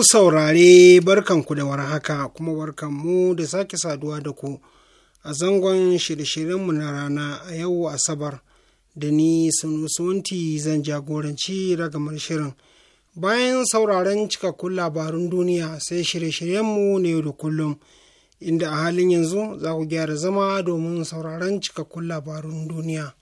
Ku saurare barkanku da warhaka kuma barkan mu da sake saduwa da ku a zangon shirye-shiryenmu na rana a yau Asabar da ni sunusunti zan jagoranci ragamar shirin. Bayan sauraron cikakkun labarun duniya sai shirye-shiryenmu ne da kullum inda a halin yanzu za ku gyara zama domin sauraron cikakkun labarun duniya.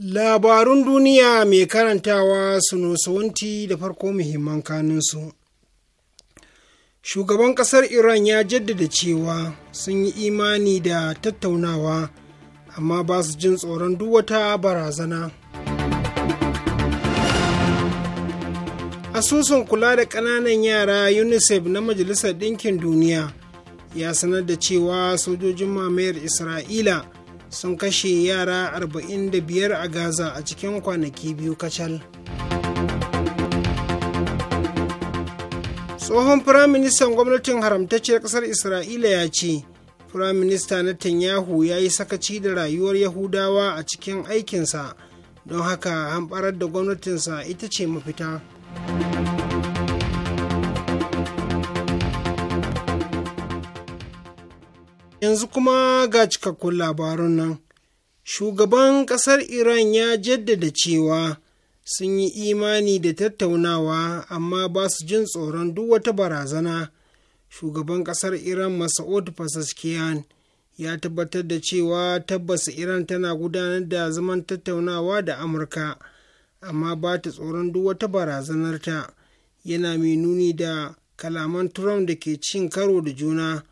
Labarun duniya mai karantawa su sunusuwanti da farko muhimman kanunsu. Shugaban ƙasar Iran ya jaddada cewa sun yi imani da tattaunawa, amma ba su jin tsoron duk wata barazana. Asusun kula da ƙananan yara UNICEF na Majalisar Ɗinkin Duniya ya sanar da cewa sojojin mamayar Isra'ila sun kashe yara 45 a gaza a cikin kwanaki biyu kacal tsohon firaministan gwamnatin haramtacciyar ƙasar isra'ila ya ce firaminista tanyahu ya yi sakaci da rayuwar yahudawa a cikin aikinsa don haka hamɓarar da gwamnatinsa ita ce mafita. yanzu kuma ga cikakkun labarun nan. Shugaban ƙasar Iran ya jaddada cewa sun yi imani da tattaunawa amma ba su jin tsoron duk wata barazana. Shugaban ƙasar Iran Masa'ud Fasaskiyan ya tabbatar da cewa tabbas Iran tana gudanar da zaman tattaunawa da Amurka, amma ba ta tsoron duk wata barazanarta. Yana mai nuni da kalaman Trump da ke cin karo da juna.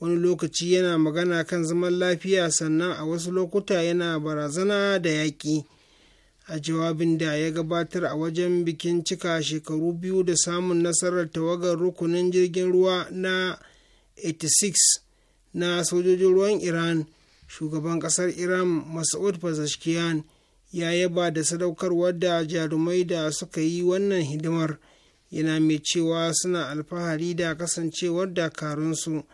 wani lokaci yana magana kan zaman lafiya sannan a wasu lokuta yana barazana da yaƙi a jawabin da ya gabatar a wajen bikin cika shekaru biyu da samun nasarar tawagar rukunin jirgin ruwa na 86 na sojojin ruwan iran shugaban kasar iran mas'ud pezeshkian ya yaba da sadaukarwar da jarumai da suka yi wannan hidimar yana mai cewa suna alfahari da kasancewar dakarunsu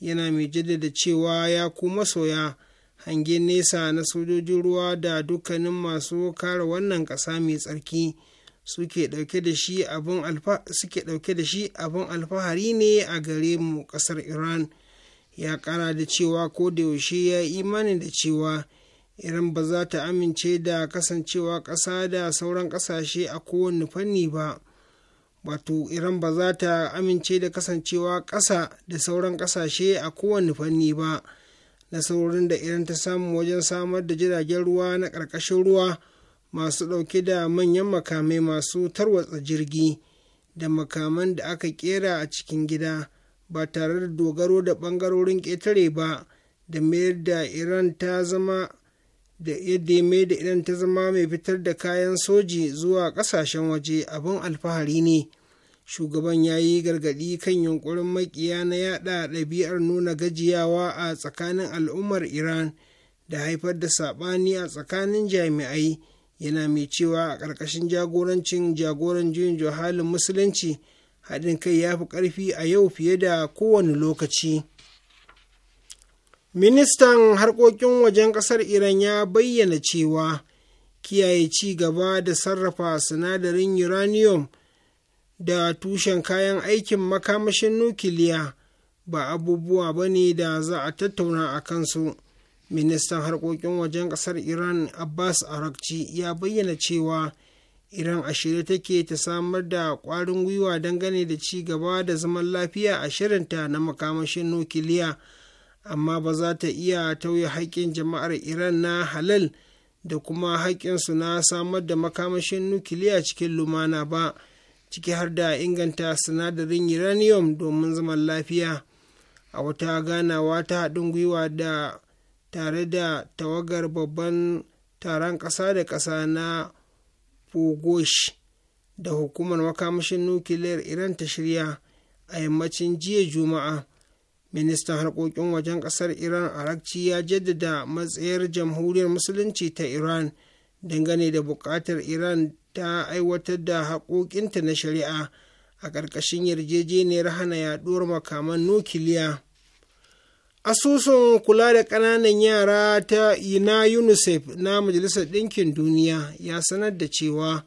yana mai jaddada cewa ya ku masoya hangen nesa na sojojin ruwa da dukkanin masu kare wannan ƙasa mai tsarki suke ɗauke da shi abin alfahari ne a gare mu ƙasar iran ya ƙara da cewa ko da yaushe ya imani da cewa iran ba za ta amince da kasancewa ƙasa da sauran ƙasashe a kowane fanni ba wato iran ba za ta amince da kasancewa ƙasa da sauran ƙasashe a kowane fanni ba na saurin da iran ta samu wajen samar da jiragen ruwa na ƙarƙashin ruwa masu ɗauke da manyan makamai masu tarwatsa jirgi da makaman da aka ƙera a cikin gida ba tare da dogaro da ɓangarorin ƙetare ba da mayar da iran ta zama da yadda mai da idan ta zama mai fitar da kayan soji zuwa kasashen waje abin alfahari ne shugaban ya yi gargaɗi kan yunkurin makiya na yada ɗabi'ar nuna gajiyawa a tsakanin al'ummar iran da haifar da saɓani a tsakanin jami'ai yana mai cewa a ƙarƙashin jagorancin jagoran juyin johalin musulunci haɗin kai ya fi ƙarfi a yau fiye da kowane lokaci. ministan harkokin wajen ƙasar iran ya bayyana cewa kiyaye ci gaba da sarrafa sinadarin uranium da tushen kayan aikin makamashin nukiliya ba abubuwa ba ne da za a tattauna a kansu ministan harkokin wajen ƙasar iran abbas arakci ya bayyana cewa iran a shirye take ta samar da ƙwarin gwiwa dangane da ci gaba da zaman lafiya a shirinta na makamashin nukiliya. amma ba za ta iya tauye haƙƙin jama'ar iran na halal da kuma haƙƙinsu na samar da makamashin nukiliya cikin lumana ba ciki har da inganta sinadarin uranium domin zaman lafiya a wata ganawa ta haɗin gwiwa da tare da tawagar babban taron ƙasa da ƙasa na pogosh da hukumar makamashin nukiliyar iran ta shirya a yammacin jiya juma'a ministan harkokin wajen kasar iran arakci ya jaddada matsayar jamhuriyar musulunci ta iran dangane da buƙatar iran ta aiwatar da haƙoƙinta na shari'a a ƙarƙashin yarjejeniyar hana yaɗuwar makaman nukiliya asusun kula da ƙananan yara ta na unicef na majalisar ɗinkin duniya ya sanar da cewa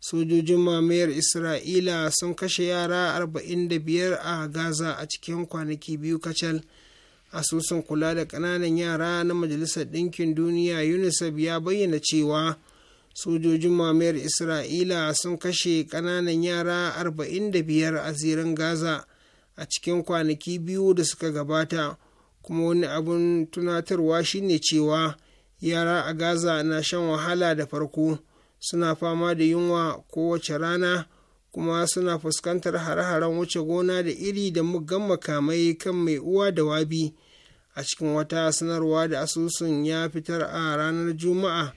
sojojin mamayar isra'ila sun kashe yara 45 a gaza a cikin kwanaki biyu kacal asusun kula da kananan yara na majalisar ɗinkin duniya unicef ya bayyana cewa sojojin mamayar isra'ila sun kashe kananan yara 45 a zirin gaza a cikin kwanaki biyu da suka gabata kuma wani abin tunatarwa shine cewa yara a gaza na shan wahala da farko suna fama da yunwa kowace rana kuma suna fuskantar hare-haren wuce gona da iri da muggan makamai kan mai uwa da wabi a cikin wata sanarwa da asusun ya fitar a ranar juma'a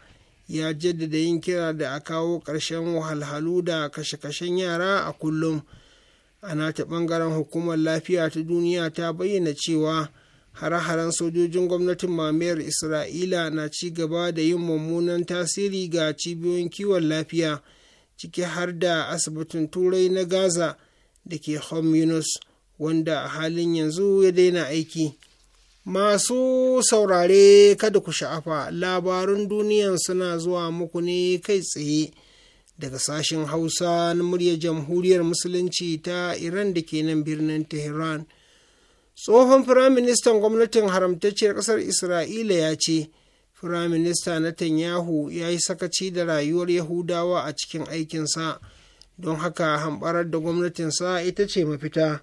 ya jaddada yin kira da a kawo ƙarshen wahalhalu da kashe-kashen yara a kullum a nata ɓangaren hukumar lafiya ta duniya ta bayyana cewa hare-haren sojojin gwamnatin mamayar isra'ila na ci gaba da yin mummunan tasiri ga cibiyoyin kiwon lafiya ciki har da asibitin turai na gaza da ke home yunus wanda a halin yanzu ya daina aiki masu saurare kada ku sha'afa labarun duniyan suna zuwa muku ne kai tsaye daga sashen hausa na muryar jamhuriyar musulunci ta iran da ke nan birnin tehran tsohon firaministan gwamnatin haramtacciyar ƙasar isra'ila ya ce firaminista netanyahu ya yi sakaci da rayuwar yahudawa a cikin aikinsa don haka hamɓarar da gwamnatinsa ita ce mafita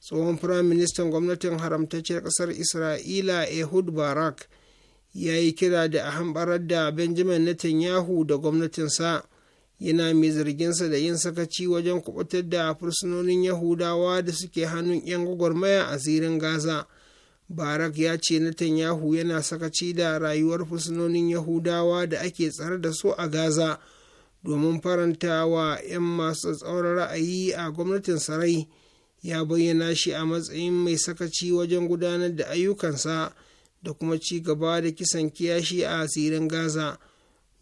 tsohon firaministan gwamnatin haramtacciyar ƙasar isra'ila ehud barak ya yi kira da a hamɓarar da benjamin netanyahu da gwamnatinsa yana mai zarginsa da yin sakaci wajen kubutar da fursunonin yahudawa da suke hannun 'yan gwagwarmaya a zirin gaza barak ya ce netanyahu yana sakaci da rayuwar fursunonin yahudawa da ake tsare da su a gaza domin faranta wa 'yan masu tsauran ra'ayi a gwamnatin sarai ya bayyana shi a matsayin mai sakaci wajen gudanar da ayyukansa da kuma ci gaba da kisan kiyashi a asirin gaza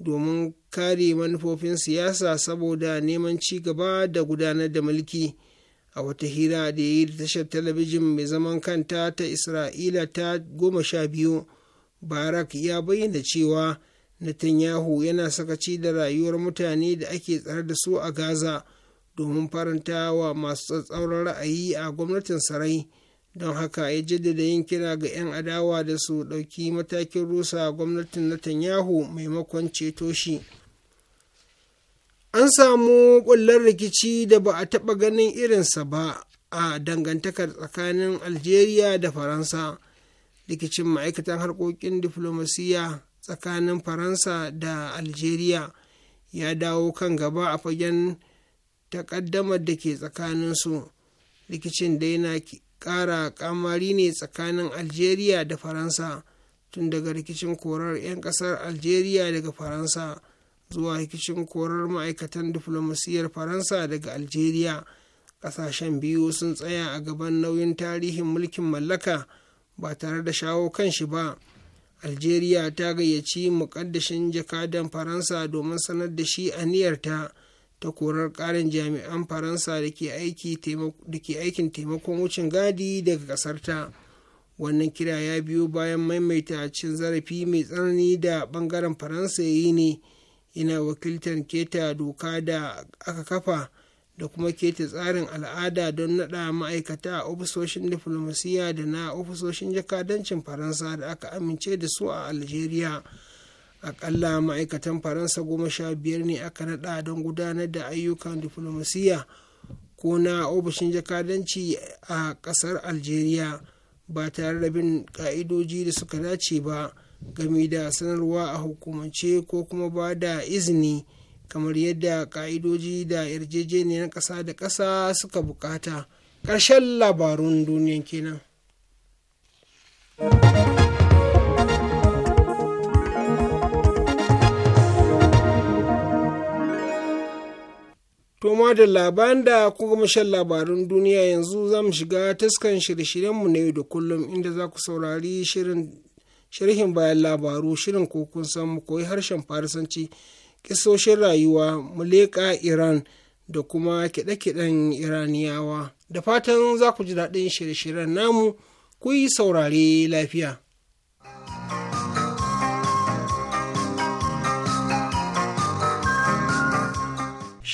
domin kare manufofin siyasa saboda neman ci gaba da gudanar da mulki a wata hira da ya yi da tashar talabijin mai zaman kanta ta isra'ila ta goma sha biyu barak ya bayyana cewa netanyahu yana sakaci da rayuwar mutane da ake tsare da su a gaza domin faranta wa masu tsatsauran ra'ayi a gwamnatin sarai don haka ya jaddada yin kira ga 'yan adawa da su ɗauki matakin rusa gwamnatin Netanyahu maimakon ceto shi. An samu ƙullar rikici da ba a taɓa ganin irinsa ba a dangantakar tsakanin Algeria da Faransa, rikicin ma'aikatan harkokin diflomasiya tsakanin Faransa da Algeria ya dawo kan gaba a fagen takaddamar da ke tsakanin su rikicin da yana ƙara kamari ne tsakanin algeria da faransa tun daga rikicin korar 'yan ƙasar algeria daga faransa zuwa rikicin korar ma'aikatan diflomasiyyar faransa daga algeria ƙasashen biyu sun tsaya a gaban nauyin tarihin mulkin mallaka ba tare da shawo kan shi ba algeria ta gayyaci muƙaddashin jakadan faransa domin sanar da shi a aniyarta ta korar ƙarin jami'an faransa da ke aikin taimakon wucin gadi daga ta wannan kira ya biyo bayan maimaita cin zarafi mai tsanani da bangaren faransa ya yi ne yana wakiltar keta doka da aka kafa da kuma keta tsarin al'ada don naɗa ma'aikata a ofisoshin diflomasiyya da na ofisoshin jakadancin faransa da aka amince da su a algeria akalla ma'aikatan faransa goma sha biyar ne aka naɗa don gudanar da ayyukan diflomasiyya ko na ofishin jakadanci a ƙasar algeria ba tare da bin ƙa'idoji da suka dace ba game da sanarwa a hukumance ko kuma ba da izini kamar yadda ƙa'idoji da yarjejeniyar ƙasa da ƙasa suka bukata ƙarshen labarun duniya kenan. To da labaran da kuka mashan labarun duniya yanzu za mu shiga taskan shirye-shiryenmu na yau da kullum inda za ku saurari shirin sharhin bayan labaru shirin ko kun san mu koyi harshen farisanci kisoshin rayuwa mu leka iran da kuma kiɗe-kiɗen iraniyawa da fatan za ku ji daɗin shirye-shiryen namu ku yi saurare lafiya.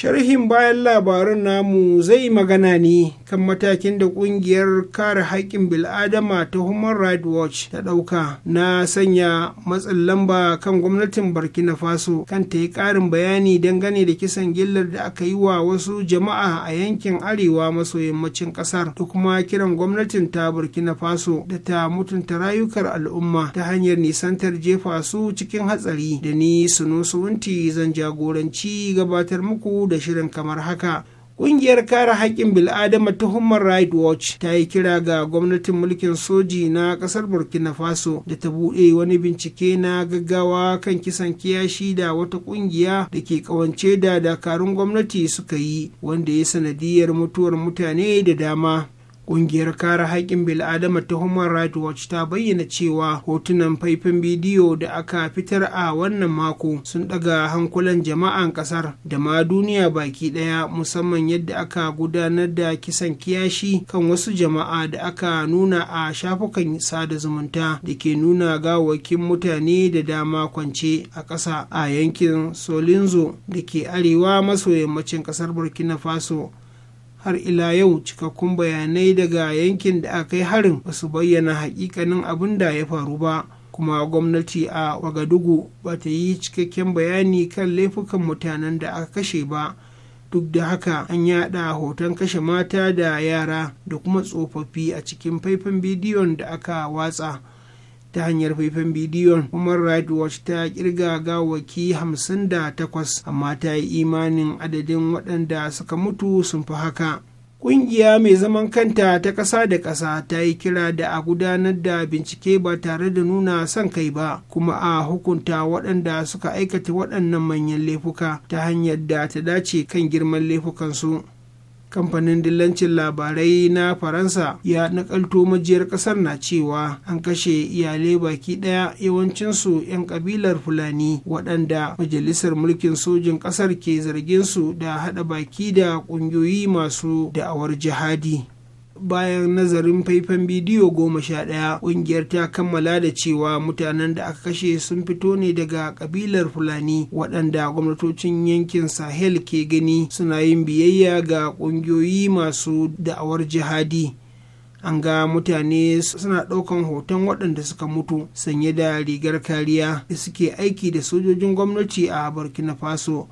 sharhin bayan labaran namu zai magana ne kan matakin da kungiyar kare haƙƙin bil'adama ta human rights watch ta ɗauka na sanya matsin lamba kan gwamnatin burkina faso kan ta yi ƙarin bayani dangane da kisan gillar da aka yi wa wasu jama'a a yankin arewa maso yammacin ƙasar da kuma kiran gwamnatin ta burkina faso da ta mutunta rayukar al'umma ta hanyar nisantar jefa su cikin hatsari da ni sunusunti zan jagoranci gabatar muku da shirin kamar haka Ƙungiyar kare haƙƙin bil'adama ta Human Rights Watch ta yi kira ga gwamnatin mulkin soji na ƙasar Burkina Faso da ta buɗe wani bincike na gaggawa kan kisan kiyashi da wata ƙungiya da ke ƙawance da dakarun gwamnati suka yi wanda ya sanadiyar mutuwar mutane da dama. Ƙungiyar kare haƙƙin bil'adama ta Human Rights Watch ta bayyana cewa hotunan faifin bidiyo da aka fitar a wannan mako sun ɗaga hankulan jama'an ƙasar da ma duniya baki ɗaya musamman yadda aka gudanar da kisan kiyashi kan wasu jama'a da aka nuna a shafukan sada zumunta da ke nuna gawakin mutane da dama kwance a ƙasa a yankin Solinzo da ke arewa maso yammacin ƙasar Burkina Faso har ila yau cikakkun bayanai daga yankin da aka yi harin ba su bayyana hakikanin abin da ya faru ba kuma gwamnati a wagadugu ba ta yi cikakken bayani kan laifukan mutanen da aka kashe ba duk da haka an yada hoton kashe mata da yara da kuma tsofaffi a cikin faifan bidiyon da aka watsa ta hanyar faifan bidiyon human rights watch ta kirga gawaki 58 amma ta yi imanin adadin waɗanda suka mutu sun fi haka Ƙungiya mai zaman kanta ta ƙasa da ƙasa ta yi kira da a gudanar da bincike ba tare da nuna son kai ba, kuma a hukunta waɗanda suka aikata waɗannan manyan laifuka ta hanyar da ta dace kan girman laifukansu. kamfanin dillancin labarai na faransa ya nakalto majiyar kasar na cewa an kashe iyalai baki daya yawancinsu 'yan kabilar fulani waɗanda majalisar mulkin sojin kasar ke zargin su da haɗa baki da ƙungiyoyi masu da'awar jihadi bayan nazarin faifan bidiyo goma sha ɗaya ƙungiyar ta kammala da cewa mutanen da aka kashe sun fito ne daga ƙabilar fulani waɗanda gwamnatocin yankin sahel ke gani suna yin biyayya ga ƙungiyoyi masu da'awar jihadi an ga mutane suna ɗaukan hoton waɗanda suka mutu sanye da rigar kariya da suke aiki da sojojin gwamnati a burkina faso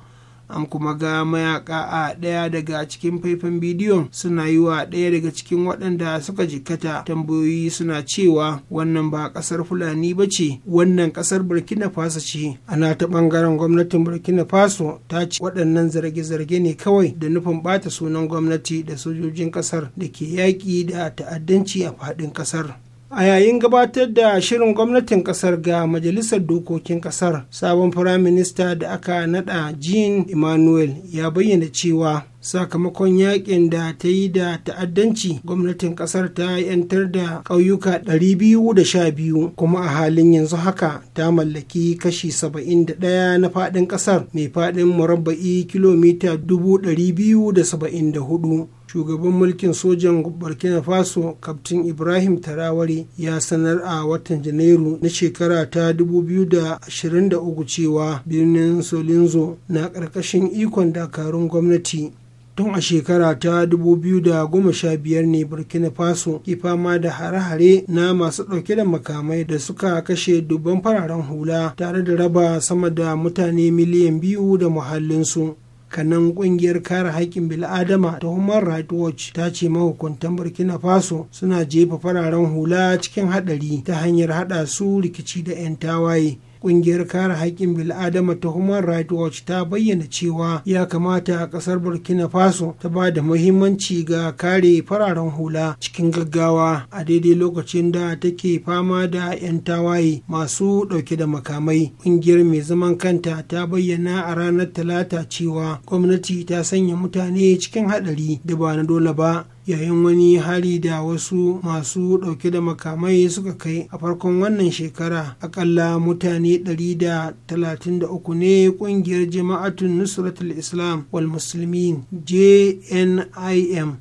an kuma ga mayaka a ɗaya daga cikin faifan bidiyon suna yi wa ɗaya daga cikin waɗanda suka jikkata tambayoyi suna cewa wannan ba ƙasar fulani ba ce wannan ƙasar burkina faso ce ana ta ɓangaren gwamnatin burkina faso ta ce waɗannan zarge-zarge ne kawai da nufin ɓata sunan gwamnati da sojojin ƙasar da ke yaƙi da ta'addanci a faɗin ƙasar a yayin gabatar da shirin gwamnatin kasar ga majalisar dokokin kasar sabon firaminista da aka nada jean emmanuel ya bayyana cewa sakamakon yakin da ta yi da ta'addanci gwamnatin kasar ta yantar da ƙauyuka 212 kuma a halin yanzu haka ta mallaki kashi 71 na faɗin ƙasar, mai faɗin murabba'i kilomita 274 shugaban mulkin sojan burkina faso kaftin ibrahim tarawari ya sanar a watan janairu na shekara ta 2023 cewa birnin solinzo na ƙarƙashin ikon dakarun gwamnati tun a shekara ta 2015 ne burkina faso ke fama da hare-hare na masu ɗauke da makamai da suka kashe dubban fararen hula tare da raba sama da mutane miliyan biyu da muhallinsu kanan kungiyar kare haƙƙin bil'adama ta human rights watch ta ce mahukuntan burkina faso suna jefa fararen hula cikin haɗari ta hanyar haɗa su rikici da 'yan tawaye kungiyar kare haƙƙin bil'adama ta human rights watch ta bayyana cewa ya kamata a ƙasar burkina faso ta ba da muhimmanci ga kare fararen hula cikin gaggawa a daidai lokacin da take fama da 'yan tawaye masu ɗauke da makamai kungiyar mai zaman kanta ta bayyana a ranar talata cewa gwamnati ta sanya mutane cikin haɗari da ba na dole ba yayin wani hari da wasu masu ɗauke da makamai suka kai a farkon wannan shekara akalla mutane 133 ne ƙungiyar jama'atun nusratul islam wal muslimin jnim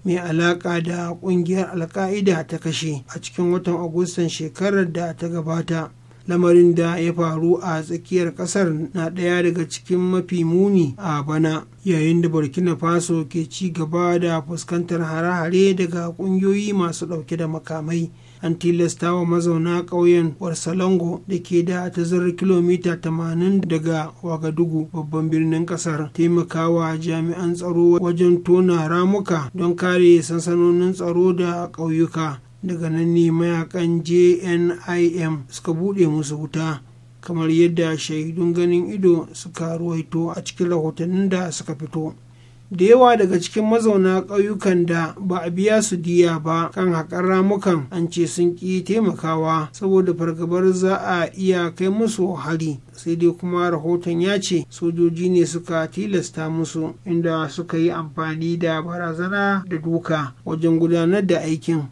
mai alaƙa da ƙungiyar alka'ida ta kashe a cikin watan agustan shekarar da ta gabata lamarin da ya faru a tsakiyar kasar na ɗaya daga cikin mafi muni a bana yayin da burkina faso ke ci gaba da fuskantar hare-hare daga ƙungiyoyi masu ɗauke da makamai an tilasta wa mazauna ƙauyen warsalongo da ke da tazarar kilomita 80 daga wagadugu babban birnin ƙasar taimakawa jami'an tsaro wajen tona ramuka don kare sansanonin tsaro da ƙauyuka daga nan ne mayakan jnim suka buɗe musu wuta kamar yadda shaidun ganin ido suka ruwaito a cikin rahotannin da suka fito da yawa daga cikin mazauna ƙauyukan da ba a biya su diya ba kan haƙar ramukan an ce sun ƙi taimakawa saboda fargabar za a iya kai musu hari sai dai kuma rahoton ya ce sojoji ne suka tilasta musu inda suka yi amfani da barazana da duka wajen gudanar da aikin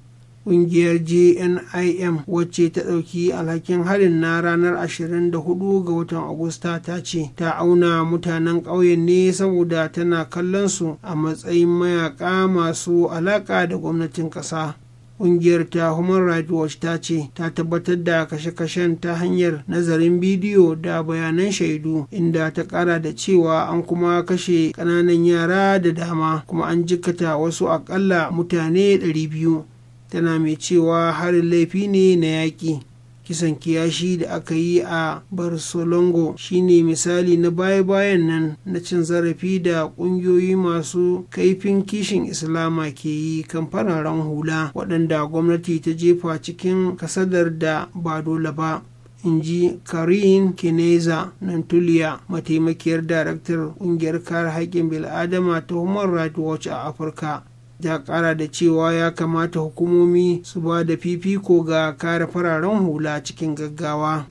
kungiyar jnim wacce ta ɗauki alhakin harin na ranar 24 ga watan agusta ta ce ta auna mutanen ƙauyen ne saboda tana kallon su a matsayin mayaka masu alaƙa da gwamnatin ƙasa ƙungiyar ta human rights watch ta ce ta tabbatar da kashe-kashen ta hanyar nazarin bidiyo da bayanan shaidu inda ta ƙara da cewa an kuma kashe ƙananan yara da dama kuma an jikata wasu akalla mutane 200 tana mai cewa harin laifi ne na yaƙi kisan kiyashi da aka yi a barcelongo shine misali na baya-bayan nan na cin zarafi da ƙungiyoyi masu kaifin kishin islama ke yi kan fararen hula waɗanda gwamnati ta jefa cikin kasadar da ba dole ba in ji karin kineza nantuliya mataimakiyar daraktar ƙungiyar kare haƙƙin bil'adama ta human rights a afirka ya kara da cewa ya kamata hukumomi su ba da fifiko ga kare fararen hula cikin gaggawa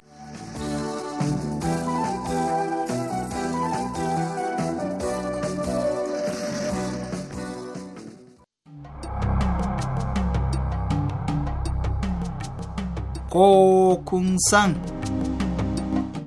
ko kun san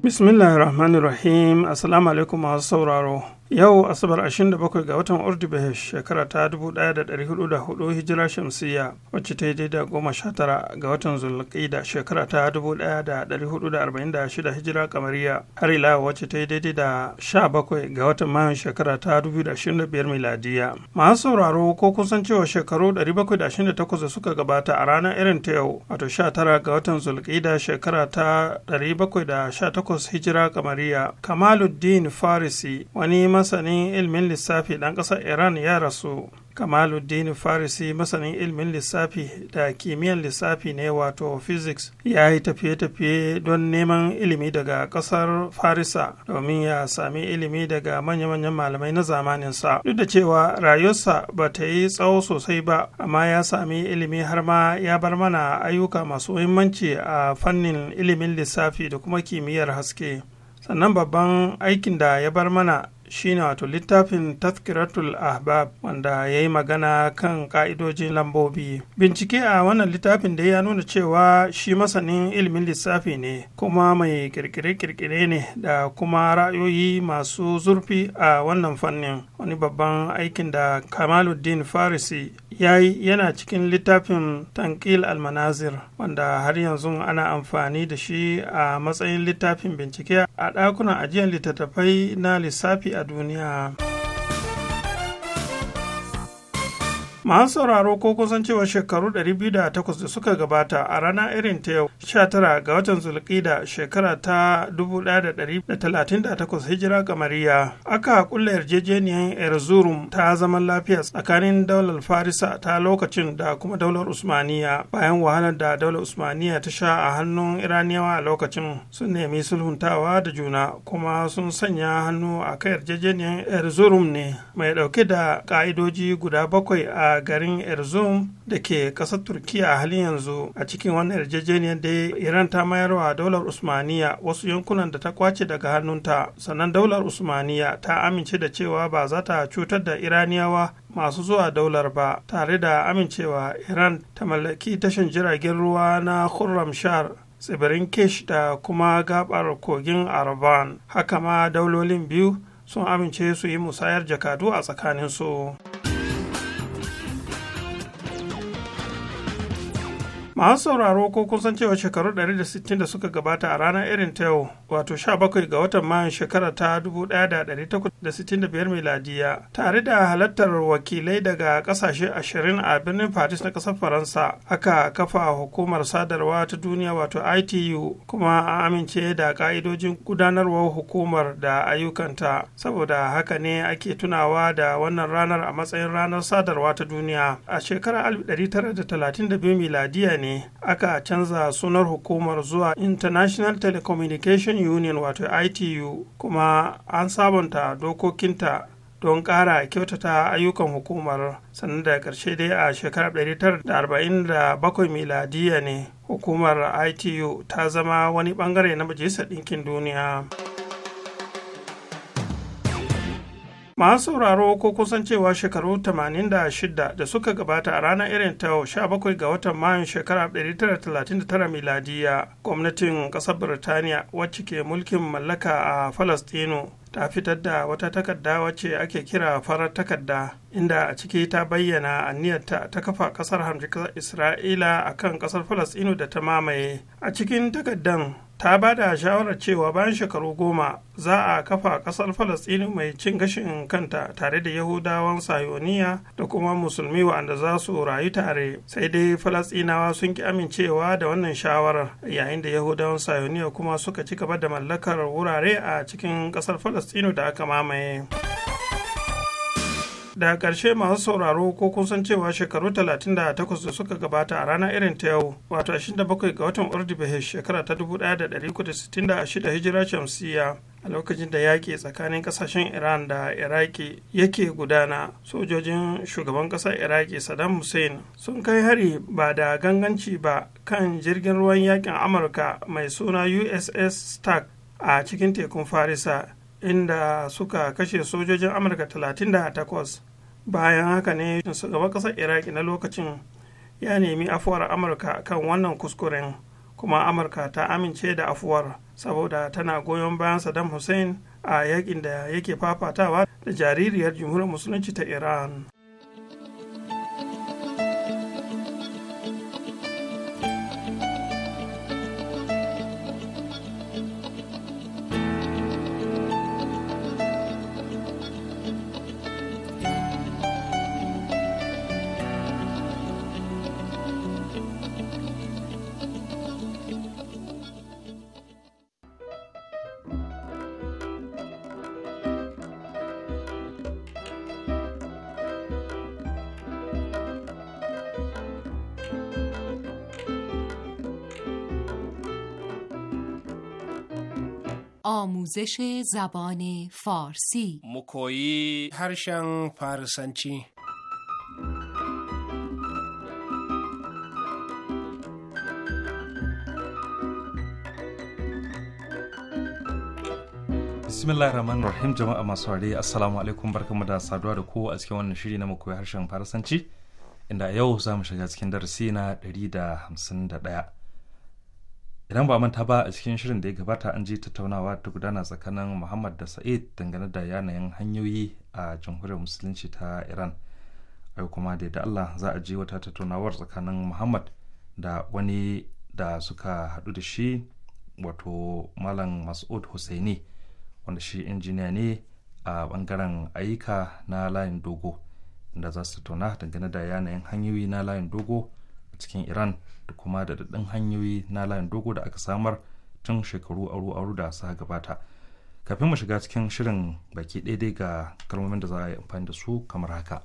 Bismillahirrahmanirrahim, assalamu alaikum masu sauraro yau asabar 27 ga watan ordibahesh shekara ta 1404 hijira shamsiya wacce ta yi daida goma sha tara ga watan zulqida shekara ta 1446 hijira kamariya har ila wacce ta yi daida da 17 ga watan mayun shekara ta 2025 miladiya masu sauraro ko kusan cewa shekaru 728 da suka gabata a ranar irin ta yau wato 19 ga watan zulqida shekara ta 718 hijira kamariya kamaluddin farisi wani masanin ilmin lissafi ɗan ƙasar iran ya rasu kamaluddin farisi masanin ilmin lissafi da kimiyyar lissafi ne wato physics ya yi tafiye-tafiye don neman ilimi daga ƙasar farisa domin ya sami ilimi daga manya-manyan malamai na zamaninsa duk da cewa rayuwarsa ba ta yi tsawo sosai ba amma ya sami ilimi har ma ya bar mana ayyuka masu muhimmanci a fannin ilimin lissafi da kuma kimiyyar haske sannan babban aikin da ya bar mana shine wato littafin tazkiratul ahbab wanda ya yi magana kan ka'idojin lambobi bincike a wannan littafin da ya nuna cewa shi masanin ilimin lissafi ne kuma mai kirkire-kirkire ne da kuma ra'ayoyi masu zurfi a wannan fannin wani babban aikin da kamaluddin farisi ya yi yana cikin littafin tankil almanazir wanda har yanzu ana amfani da shi a matsayin littafin bincike a ɗakunan ajiyar littattafai na lissafi a duniya. masu sauraro ko kusan cewa shekaru 208 da suka gabata a rana irin ta yau 19 ga watan zulkida shekara ta 1138 hijira kamariya aka kulla yarjejeniyar erzurum ta zaman lafiya tsakanin daular farisa ta lokacin da kuma daular usmaniya bayan wahalar da daular usmaniya ta sha a hannun iraniyawa a lokacin sun nemi sulhuntawa da juna kuma sun sanya hannu a kan yarjejeniyar erzurum ne mai dauke da ka'idoji guda bakwai a da garin Erzurum da ke ƙasar Turkiya a halin yanzu a cikin wannan yarjejeniyar da Iran ta mayar wa daular Usmaniya wasu yankunan da ta kwace daga hannunta sannan daular Usmaniya ta amince da cewa ba za ta cutar da Iraniyawa masu zuwa daular ba tare da amincewa Iran ta mallaki tashin jiragen ruwa na shar tsibirin kesh da kuma gabar kogin arban haka ma daulolin biyu sun amince su yi musayar jakadu a tsakaninsu. masu sauraro ko kun san cewa shekaru 160 da suka gabata a ranar irin ta yau wato 17 ga watan mayan shekara ta 1865 miladiya tare da halartar wakilai daga kasashe 20 a birnin paris na kasar faransa aka kafa hukumar sadarwa ta duniya wato itu kuma a amince da ka'idojin gudanarwar hukumar da ayyukanta saboda haka ne ake tunawa da wannan ranar a matsayin ranar sadarwa ta duniya a shekarar 1932 miladiya ne ne aka canza sunar hukumar zuwa international telecommunication union wato itu kuma an sabunta dokokinta don ƙara kyautata ayyukan hukumar sannan da ƙarshe dai a shekarar 1947 miladiya ne hukumar itu ta zama wani bangare na majalisar ɗinkin duniya. masu sauraro ko kusan shekaru 86 da suka gabata a ranar irin ta 17 ga watan mayun shekara 1939 miladiya gwamnatin kasar birtaniya wacce ke mulkin mallaka a falastino ta fitar da wata takarda wacce ake kira farar takarda inda a ciki ta bayyana aniyarta ta kafa kasar hamji kasar isra'ila akan kasar falastino da ta mamaye a cikin takardan ta ba da shawarar cewa bayan shekaru goma za a kafa kasar falastinu mai cin gashin kanta tare da yahudawan sayoniya da kuma musulmi wa'anda za su rayu tare sai dai falastinawa sun ki amincewa da wannan shawarar yayin da yahudawan sayoniya kuma suka ci gaba da mallakar wurare a cikin kasar falastinu da aka mamaye. da ƙarshe masu sauraro ko kun san cewa shekaru 38 da suka gabata a rana irin ta yau wato 27 ga watan ordibahesh shekara ta 1966 hijira shamsiya a lokacin da yaƙi tsakanin ƙasashen iran da iraki yake gudana sojojin shugaban ƙasar iraki saddam hussein sun kai hari ba da ganganci ba kan jirgin ruwan yaƙin amurka mai suna uss stark a cikin tekun farisa inda suka kashe sojojin amurka 38 bayan haka ne shugaban ƙasar iraki na lokacin ya nemi afuwar amurka kan wannan kuskuren kuma amurka ta amince da afuwar saboda tana goyon bayan saddam hussein a yakin da yake fafatawa da jaririyar jamhuriyar musulunci ta iran آموزش زبان فارسی مکویی هرشن فارسنچی bismillah rahman rahim jama'a masu ware assalamu alaikum barkamu da saduwa da ku a cikin wannan shiri na makoyi harshen farasanci inda yau za mu shiga cikin darasi na 151 idan ba manta ba a cikin shirin da ya gabata an ji tattaunawa ta gudana tsakanin muhammad da sa'id dangane da yanayin hanyoyi a jamhuriyar musulunci ta iran ai kuma da da allah za a ji wata tattaunawar tsakanin muhammad da wani da suka haɗu da shi wato malam mas'ud hussaini wanda shi injiniya ne a bangaren ayyuka na layin dogo da za su tattauna dangane da yanayin hanyoyi na layin dogo cikin iran da kuma da daɗin hanyoyi na layin dogo da aka samar tun shekaru aru aru da sa gabata kafin mu shiga cikin shirin baki daidai ga kalmomin da za a yi amfani da su kamar haka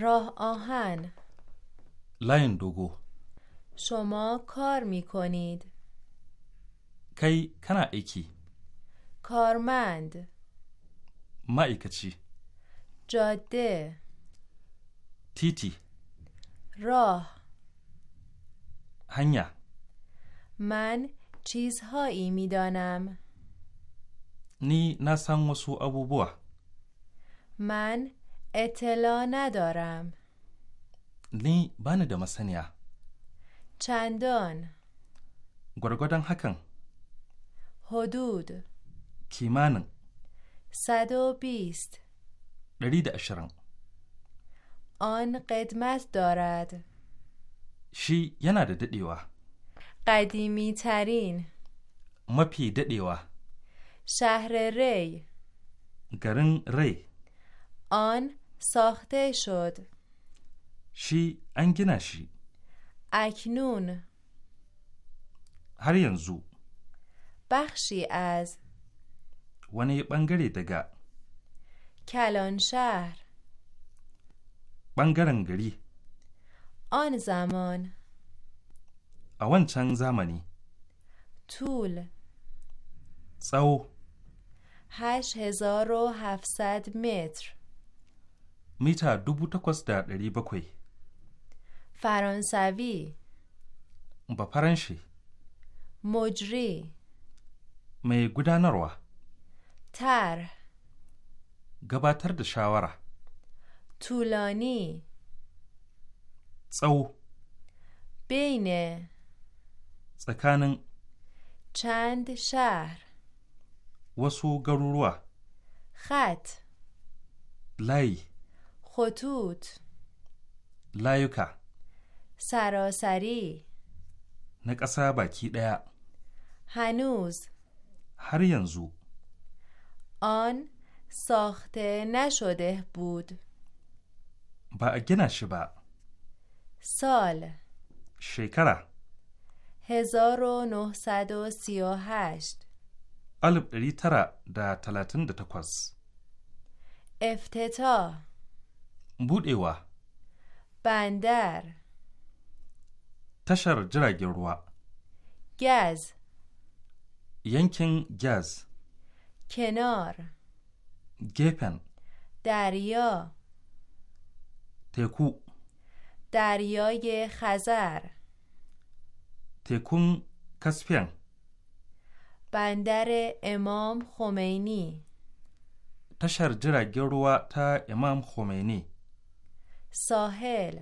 راه آهن لاین دوگو شما کار کی کنا ایکی کارمند مa'aikaci جاده تیتی راه هنیا من چیزهایی میدانم نی نسان ابو ابوبوا من اطلاع ندارم نی بانی دا مسانیا چندان گرگودن حکن حدود kimanin sado bist ɗari da ashirin on قدمت دارد shi yana da daɗewa قدیمی ترین mafi daɗewa شهر ری garin ری آن ساخته شد شی an gina shi اکنون har yanzu بخشی از ونی بنگری دگا کلان شهر بنگرنگری آن زمان اون چند زمانی طول سو هشت هزار و هفتصد متر میتا دوبو تکوز در دری بکوی فرانسوی با پرنشی مجری mai gudanarwa tar gabatar da shawara tulani tsawo bene tsakanin chand shar. wasu garuruwa khat layi khutut layuka sarasari na ƙasa baki ɗaya hanuz هر ینزو آن ساخته نشده بود با اگه شبا سال شکره هزار و نهصد و سی و هشت الب ری ترا دا تلاتن دا تکوز افتتا بود ایوا بندر تشر جرگ گروه گز ینکن گز کنار گپن دریا تکو دریای خزر تکون کسپین بندر امام خمینی تشر جرگی تا امام خمینی ساحل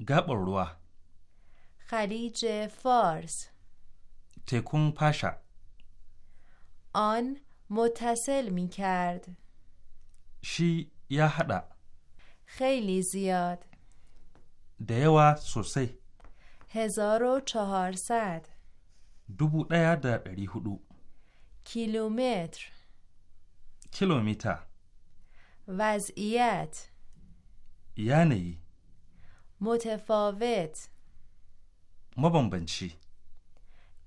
گبر خلیج فارس تکون پاشا آن متصل می کرد شی یا خیلی زیاد دیوا سوسی هزار و چهارصد دوبو دیا دری هدو کیلومتر کیلومتر وضعیت یعنی متفاوت مبنبنچی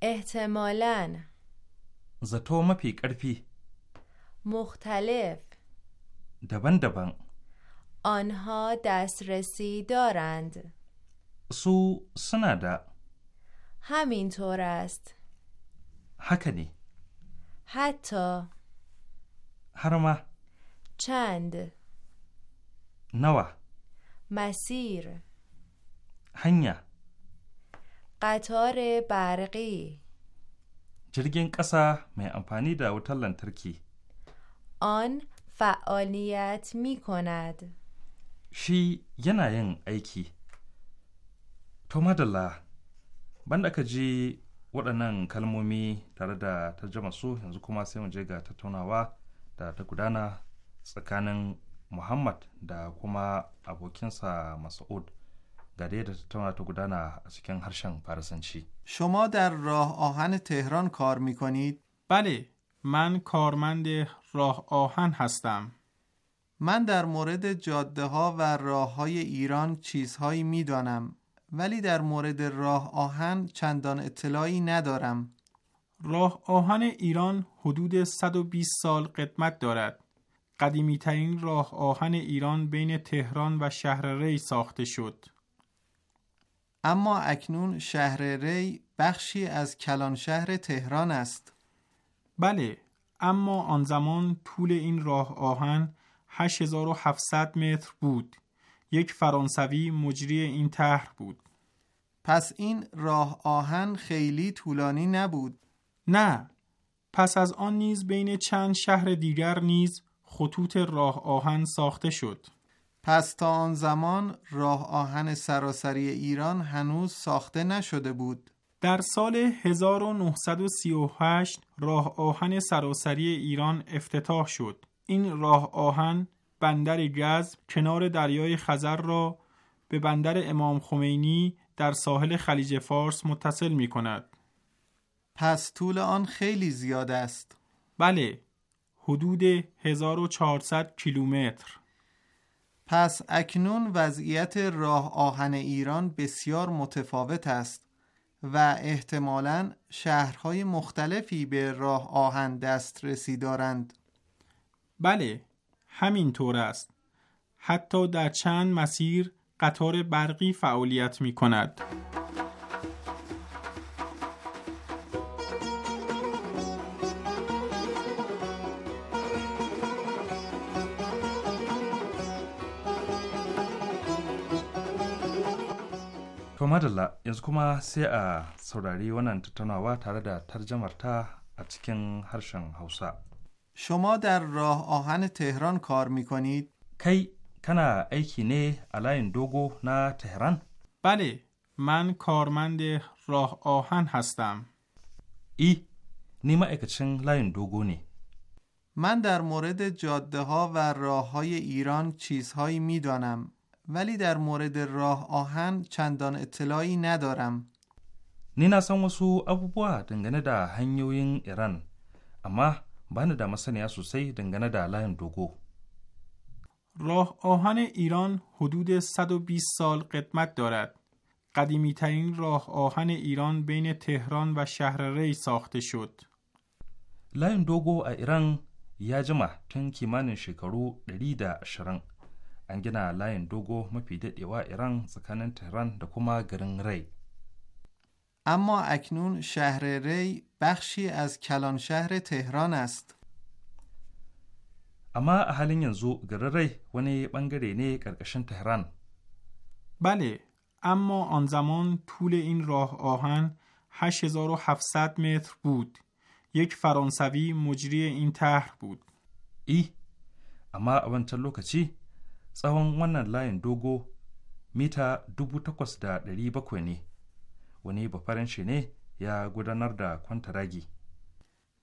احتمالاً zato mafi ƙarfi مختلف دبان daban آنها دسترسی دارند سو سنادا همینطور است حکنی حتی هرما چند نوا مسیر هنیا قطار برقی jirgin ƙasa mai amfani da wutar lantarki on fa'aliyat mi shi yana yin aiki to madalla banda ka ji waɗannan kalmomi tare da jama su yanzu kuma sai mu je ga tattaunawa da ta gudana tsakanin muhammad da kuma abokinsa mas'ud تو گدانا سکن شما در راه آهن تهران کار میکنید بله من کارمند راه آهن هستم من در مورد جاده ها و راه های ایران چیزهایی میدانم ولی در مورد راه آهن چندان اطلاعی ندارم راه آهن ایران حدود 120 سال قدمت دارد قدیمی ترین راه آهن ایران بین تهران و شهر ری ساخته شد اما اکنون شهر ری بخشی از کلان شهر تهران است بله اما آن زمان طول این راه آهن 8700 متر بود یک فرانسوی مجری این طرح بود پس این راه آهن خیلی طولانی نبود نه پس از آن نیز بین چند شهر دیگر نیز خطوط راه آهن ساخته شد پس تا آن زمان راه آهن سراسری ایران هنوز ساخته نشده بود. در سال 1938 راه آهن سراسری ایران افتتاح شد. این راه آهن بندر گزب کنار دریای خزر را به بندر امام خمینی در ساحل خلیج فارس متصل می کند. پس طول آن خیلی زیاد است. بله، حدود 1400 کیلومتر. پس اکنون وضعیت راه آهن ایران بسیار متفاوت است و احتمالا شهرهای مختلفی به راه آهن دسترسی دارند بله همینطور است حتی در چند مسیر قطار برقی فعالیت می کند madalla yanzu kuma sai a saurari wannan tattaunawa tare da tarjamarta a cikin harshen hausa shoma da roh ohan tehran kar kai kana aiki ne a layin dogo na tehran bale man kormande roh ohan hastam i ni ma'aikacin layin dogo ne من در مورد جاده ها و راه های ایران چیزهایی می دانم ولی در مورد راه آهن چندان اطلاعی ندارم. نینا سان وسو abubuwa dangane دا ایران، ایران اما bani da masaniya sosai دنگنه دا دوگو راه آهن ایران حدود 120 سال قدمت دارد. قدیمی ترین راه آهن ایران بین تهران و شهر ری ساخته شد. لاین دوگو ایران یا جمع تن کیمان شکرو 120 an gina layin dogo mafi daɗewa iran tsakanin tehran da kuma garin rai اما اکنون شهر ری بخشی از کلان شهر تهران است. اما اهلین ینزو گر ری ونی بنگره نی کرکشن تهران. بله، اما آن زمان طول این راه آهن 8700 متر بود. یک فرانسوی مجری این تهر بود. ای، اما اون تلو لوکچی tsawon wannan layin dogo mita 8,700 ne wani bafaranshi ne ya gudanar da kwantaragi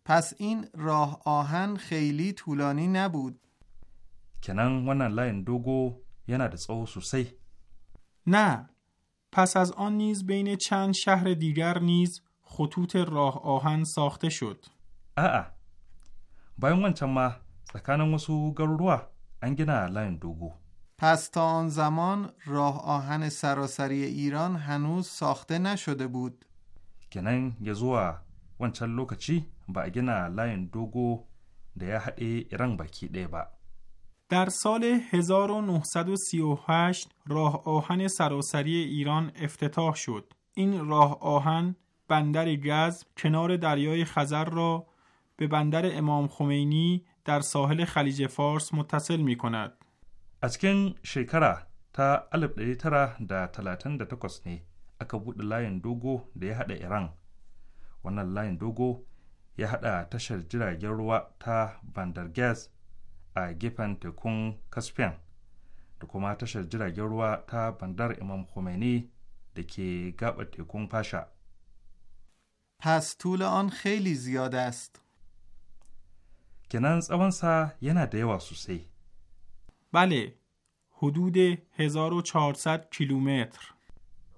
پس این راه آهن خیلی طولانی نبود. کنن ونن لاین دوگو یه دس او سوسی. نه. پس از آن نیز بین چند شهر دیگر نیز خطوط راه آهن ساخته شد. آه. باید ونچن ما سکانن وسو گروروا پس تا آن زمان راه آهن سراسری ایران هنوز ساخته نشده بود. کنن لوکچی با در سال 1938 راه آهن سراسری ایران افتتاح شد. این راه آهن بندر گز کنار دریای خزر را به بندر امام خمینی در ساحل خلیج فارس متصل می کند. از کن شکره تا الب ده تره ده تلاتن ده تکس نه اکا بود لاین دوگو ده یه wannan layin dogo ya haɗa tashar jiragen ruwa ta bandar bandargas a gefen tekun caspian da kuma tashar jiragen ruwa ta bandar imam khomeini da ke gaɓa tekun pasha. پس on آن خیلی اون سه یه نده واسوسی بله حدود 1400 کیلومتر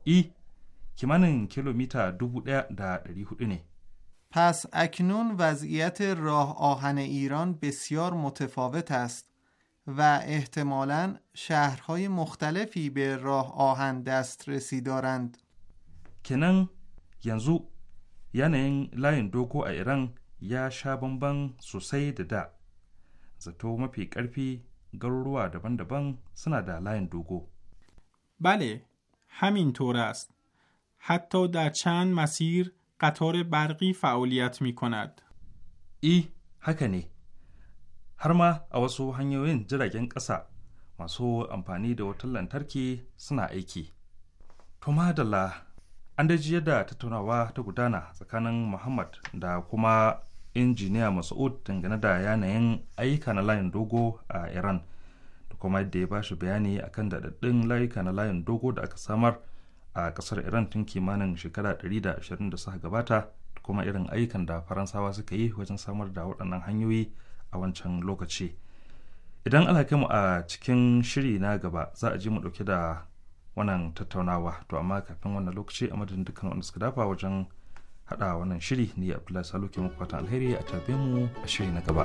ای که من کیلومتر دو بوده در ریهوده پس اکنون وضعیت راه آهن ایران بسیار متفاوت است و احتمالا شهرهای مختلفی به راه آهن دسترسی دارند کنن ینزو یعنی لاین دوکو ایران ya sha bamban sosai da da zato mafi ƙarfi garuruwa daban-daban suna da layin dogo Bale, همینطور است da can masir مسیر قطار برقی فعالیت می کند ای هکنی هر a wasu hanyoyin jiragen قسا masu amfani da wutar lantarki suna aiki. To madalla an da yadda tattaunawa ta gudana tsakanin Muhammad da kuma injiniya mas'ud dangane da yanayin ayyuka na layin dogo a iran da kuma yadda ya ba shi bayani akan daɗaɗɗun layuka na layin dogo da aka samar a ƙasar iran tun kimanin shekara 120 da suka gabata da kuma irin ayyukan da faransawa suka yi wajen samar da waɗannan hanyoyi a wancan lokaci idan alhakinmu a cikin shiri na gaba za a ji mu ɗauke da wannan tattaunawa to amma kafin wannan lokaci a madadin dukkan wanda suka dafa wajen haɗa wannan shiri ni abdullahi salo ke muku alheri a tabe mu a shiri na gaba.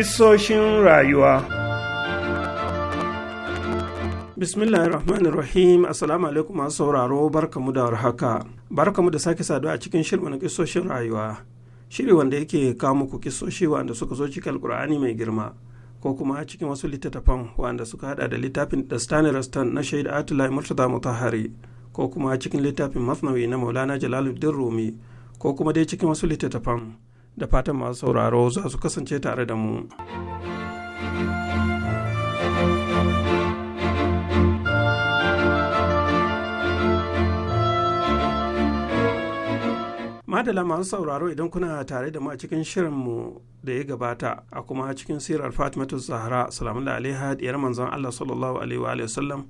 Isoshin rayuwa Bismillahirrahmanirrahim Assalamu alaikum masu sauraro barkamu da warhaka barkamu da sake saduwa a cikin shirin kisoshin rayuwa shiri wanda yake kawo muku kisoshi wanda suka zo cikin alkur'ani mai girma ko kuma cikin wasu littattafan wanda suka hada da littafin stanley Rastan na Shaida Atulai Murtaza Mutahari ko kuma cikin littafin Masnawi na Maulana Jalaluddin Rumi ko kuma dai cikin wasu littattafan da fatan masu sauraro za su kasance tare da mu. Madala masu sauraro idan kuna tare da mu a cikin shirinmu da ya gabata a kuma cikin sirar Fatimatu Zahra salamun da alaiha diyar manzon Allah sallallahu alaihi wa sallam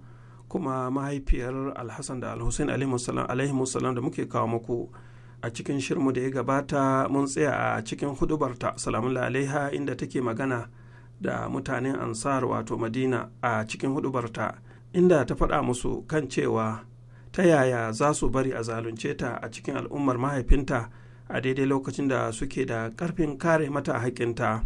kuma mahaifiyar Alhassan da Alhussein alaihi da muke kawo muku a cikin shirmu da ya gabata mun tsaya a cikin hudubarta salamullahi alaiha inda take magana da mutanen ansar wato madina a cikin hudubarta inda ta faɗa musu kan cewa ta yaya za su bari a zalunce ta a cikin al'ummar mahaifinta a daidai lokacin da suke da ƙarfin kare mata haƙƙinta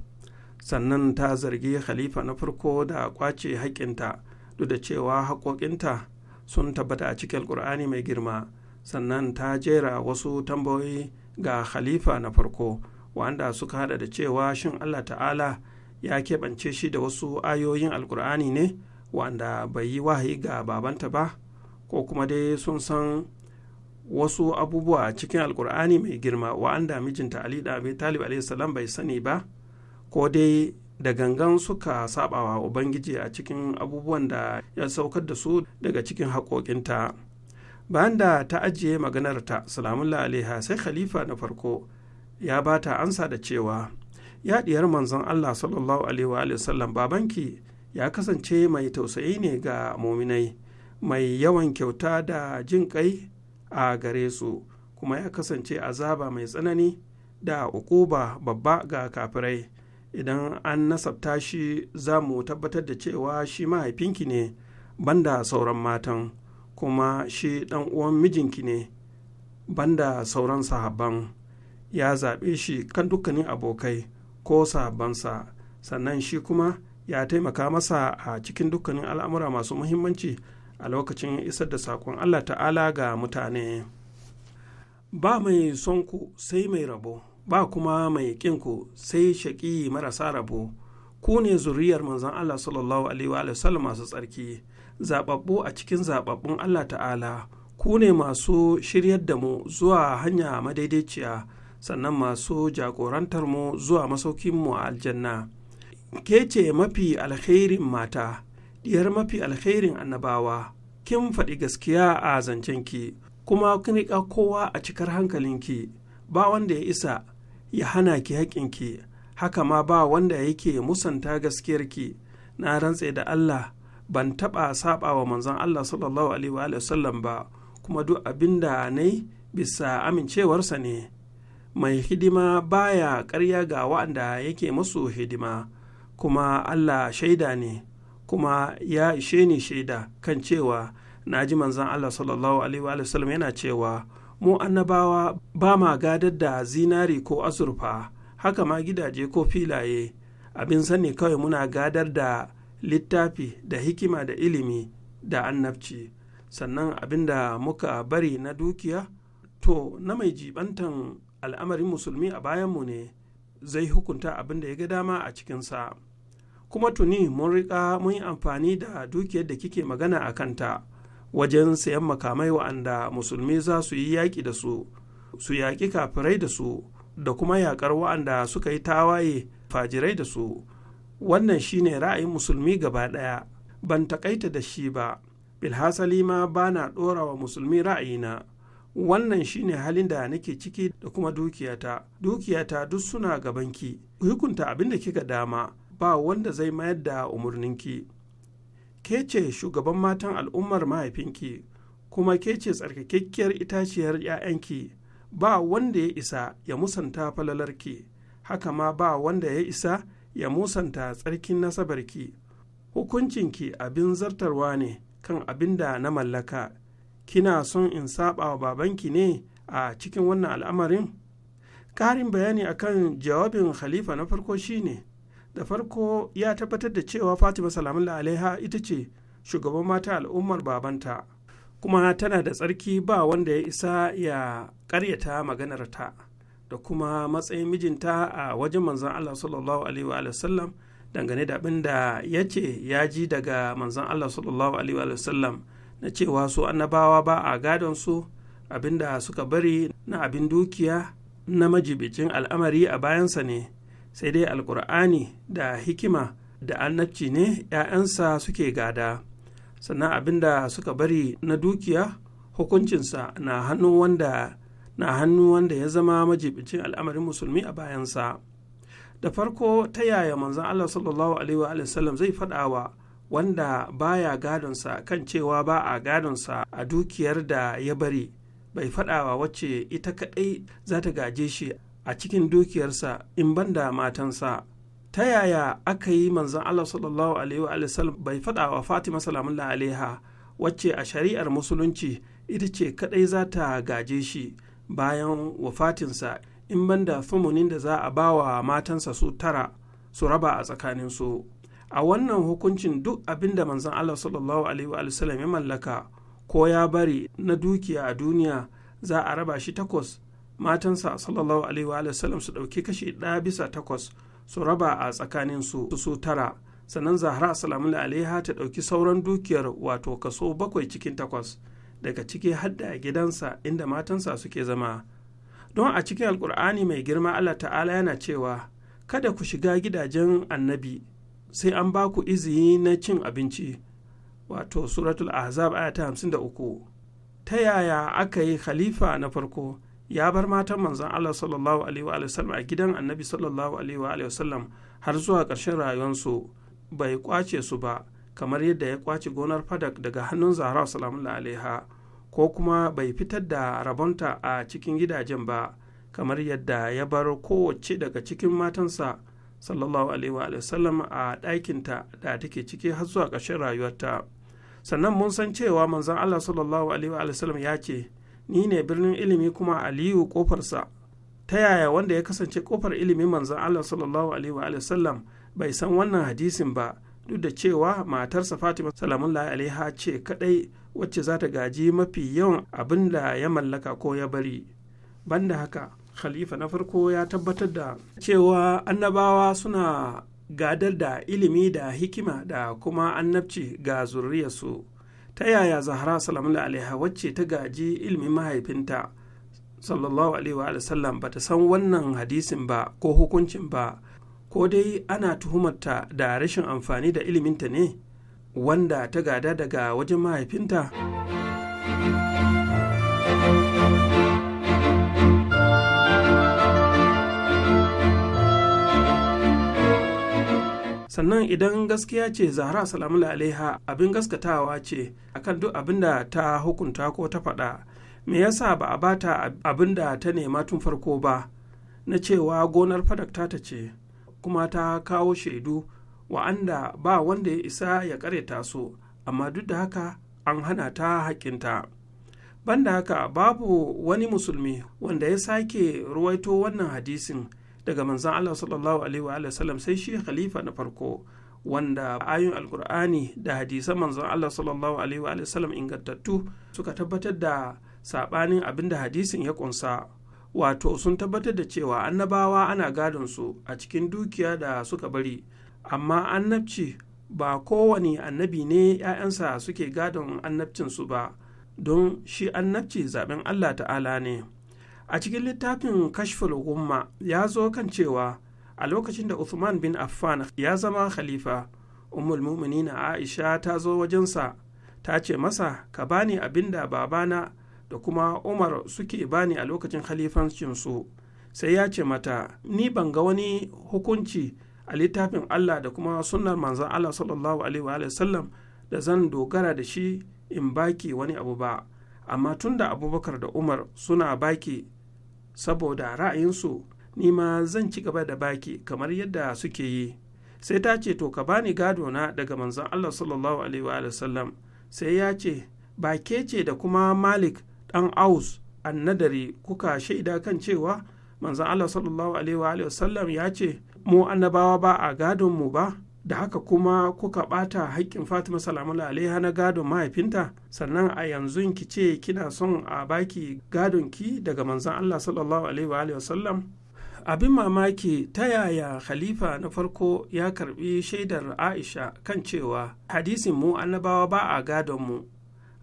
sannan ta zargi khalifa na farko da ƙwace haƙƙinta duk da cewa haƙoƙinta sun tabbata a cikin alƙur'ani mai girma sannan ta jera wasu tambayoyi ga khalifa na farko wanda suka hada da cewa shin allah ta'ala ya keɓance shi da wasu ayoyin alkur'ani ne wanda bai yi wahayi ga babanta ba ko kuma dai sun san wasu abubuwa cikin alkur'ani mai girma wa'anda mijinta ali da talib salam bai sani ba ko dai da gangan suka sabawa ubangiji a cikin abubuwan da ya saukar da su daga cikin haƙoƙinta bayan da ta ajiye maganarta salamullah alaiha sai khalifa na farko ya ba ta ansa da cewa ya diyar manzon allah sallallahu alaihi wa sallam babanki ya kasance mai tausayi ne ga muminai mai yawan kyauta da jin kai a gare su kuma ya kasance azaba mai tsanani da ukuba babba ga kafirai idan an nasabta shi za mu tabbatar da cewa shi mahaifinki ne banda sauran matan kuma shi ɗan uwan mijinki ne banda sauran sahabban ya zaɓe shi kan dukkanin abokai ko sahabbansa sannan shi kuma ya taimaka masa a cikin dukkanin al'amura masu muhimmanci a lokacin isar da saƙon Allah ta'ala ga mutane ba mai son ku sai mai rabo ba kuma mai ƙinku sai shaƙi marasa rabo ku ne zuriyar manzan Allah sallallahu alaihi wa masu tsarki zababbu a cikin zababbun Allah ta'ala ku ne masu shiryar da mu zuwa hanya madaidaiciya sannan masu jagorantar mu zuwa masaukin mu a aljanna ke ce mafi alkhairin mata diyar mafi alkhairin annabawa kin faɗi gaskiya a zancenki kuma kin riƙa kowa a cikar hankalinki ba wanda ya isa ya hana ki haƙƙinki haka ma ba wanda yake musanta gaskiyarki na rantse da Allah ban taɓa saɓa wa manzon Allah sallallahu alaihi wa sallam ba kuma duk abin da na bisa amincewarsa ne mai hidima baya ƙarya ga wa'anda yake musu hidima kuma Allah shaida ne kuma ya ishe ni shaida kan cewa na ji manzon Allah sallallahu alaihi wa sallam yana cewa mu annabawa ba ma gadar da zinari ko azurfa haka ma gidaje ko filaye abin sani kawai muna gadar da littafi da hikima da ilimi da annabci sannan abinda muka bari na dukiya to na mai jibantan al'amarin musulmi a bayanmu ne zai hukunta abin da ya ga dama a cikinsa kuma tuni mun riƙa mun yi amfani da dukiyar da kike magana a kanta wajen sayan makamai wa'anda musulmi za su yi yaƙi da su su yaƙi kafirai da su da kuma yaƙar wa'anda suka yi tawaye fajirai da su wannan shine ra'ayin musulmi gaba ɗaya ban taƙaita da shi ba bilhassali ma ba na ɗora wa musulmi ra'ayina wannan shine halin da nake ciki da kuma dukiyata dukiyata duk suna gabanki hukunta abin da kika dama ba wanda zai mayar da umarninki ke ce shugaban matan al'ummar mahaifinki kuma ke ce tsarkakakkiyar itaciyar 'ya'yanki ba wanda ya isa ya musanta falalarki haka ma ba wanda ya isa ya musanta tsarkin nasabarki hukuncinki abin zartarwa ne kan abin da na mallaka kina son in saba wa babanki ne a cikin wannan al'amarin Karin bayani akan jawabin khalifa na farko shine da farko ya tabbatar da cewa fatima salamullah alaiha ita ce shugaban mata al'ummar babanta kuma tana da tsarki ba wanda ya isa ya ƙaryata maganarta da kuma matsayin mijinta a wajen manzan Allah sallallahu alaihi wa sallam dangane da abin da ya ce ya ji daga manzan Allah sallallahu alaihi wa sallam na cewa su annabawa ba a gadon su abin da suka bari na abin dukiya na majibicin al'amari a bayansa ne sai dai alkur'ani da hikima da annabci ne 'ya'yansa suke gada sannan abin da suka bari na dukiya hukuncinsa na hannun wanda na hannu wanda ya zama majibincin al'amarin musulmi a bayansa da farko ta yaya manzon Allah sallallahu alaihi wa sallam zai faɗa wa wanda baya gadonsa kan cewa ba a gadonsa a dukiyar da ya bari bai faɗawa wacce ita kaɗai za ta gaje shi a cikin dukiyarsa in banda matansa ta yaya aka yi manzon Allah sallallahu alaihi wa sallam bai faɗawa Fatima salamun alaiha wacce a shari'ar musulunci ita ce kaɗai za ta gaje shi bayan wafatinsa in ban da famunin da za a ba wa matansa su tara su raba a tsakaninsu a wannan hukuncin duk abin da manzan Allah sallallahu alaihi wa ya mallaka ko ya bari na dukiya a duniya za a raba shi takwas matansa sallallahu alaihi wa su ɗauki kashi ɗaya bisa takwas su raba a tsakanin su su tara sannan zahra salamu alaiha ta ɗauki sauran dukiyar wato kaso bakwai cikin takwas daga ciki hadda a gidansa inda matansa suke zama don a cikin alkur'ani mai girma allah ta'ala yana cewa kada ku shiga gidajen annabi sai an ba ku izini na cin abinci wato suratul ahzab aya ta hamsin da uku ta yaya aka yi khalifa na farko ya bar matan manzon allah sallallahu alaihi wa sallam a gidan annabi sallallahu alaihi wa sallam har zuwa ƙarshen rayuwarsu bai kwace su ba kamar yadda ya kwace gonar fadak daga hannun zahra salamun alaiha ko kuma bai fitar da rabonta a cikin gidajen ba kamar yadda ya bar kowace daga cikin matansa sallallahu alaihi wa sallam a ɗakinta da take ciki har zuwa ƙarshen rayuwarta sannan mun san cewa manzon Allah sallallahu alaihi wa sallam ya ce ni ne birnin ilimi kuma aliyu kofarsa ta yaya wanda ya kasance kofar ilimi manzon Allah sallallahu alaihi wa sallam bai san wannan hadisin ba duk da cewa matarsa Fatima sallallahu alaiha ce kadai wacce za ta gaji mafi yawan abin da ya mallaka ko ya bari banda haka khalifa na farko ya tabbatar da cewa annabawa suna gadar da ilimi da hikima da kuma annabci ga zurriyarsu ta yaya zahra salamun alaiha wacce ta gaji ilimin mahaifinta sallallahu alaihi wa sallam bata san wannan hadisin ba ko hukuncin ba ko dai ana tuhumarta da rashin amfani da iliminta ne wanda ta gada daga wajen mahaifinta sannan idan gaskiya ce zahra salamu alaiha abin gaskatawa ce akan duk abin da ta hukunta ko ta faɗa me yasa ba a bata abin da ta nema tun farko ba na cewa gonar fadak ta ce kuma ta kawo shaidu wa'anda ba wanda ya isa ya kareta su amma duk da haka an hana ta haƙƙinta banda haka babu wani musulmi wanda ya sake ruwaito wannan hadisin daga manzan Allah sallallahu alaihi wa sallam sai shi khalifa na farko wanda ayoyin alkur'ani da hadisan manzan Allah sallallahu alaihi wa sallam ingantattu suka tabbatar da sabanin abin da hadisin ya kunsa wato sun tabbatar da cewa annabawa ana gadon su a cikin dukiya da suka bari amma annabci ba kowane annabi ne 'ya'yansa suke gadon annabcinsu ba don shi annabci zaben allah ta'ala ne a cikin littafin kashful gumma ya zo kan cewa a lokacin da Uthman bin Affan ya zama khalifa ummul muminina Aisha ta zo wajensa ta ce masa ka bani abin da babana da kuma Umar suke bani a lokacin khalifancinsu sai ya ce mata ni ban ga wani hukunci a littafin Allah da kuma sunnar manzan Allah sallallahu alaihi wa da zan dogara da shi in baki wani abu ba amma tun da abubakar da umar suna baki saboda ra'ayinsu ni ma zan ci gaba da baki kamar yadda suke yi sai ta ce to ka bani gado na daga manzan Allah sallallahu alaihi wa sai ya ce ba ke ce da kuma malik ɗan aus annadari kuka shaida kan cewa manzan Allah sallallahu alaihi wa ya ce mu annabawa ba a gadon mu ba da haka kuma kuka ɓata haƙƙin fatima salamu alaiha na gadon mahaifinta sannan a yanzu ki ce kina son a baki gadon ki daga manzon allah sallallahu alaihi wa wasallam abin mamaki ta yaya khalifa na farko ya karbi shaidar aisha kan cewa hadisin mu annabawa ba a gadon mu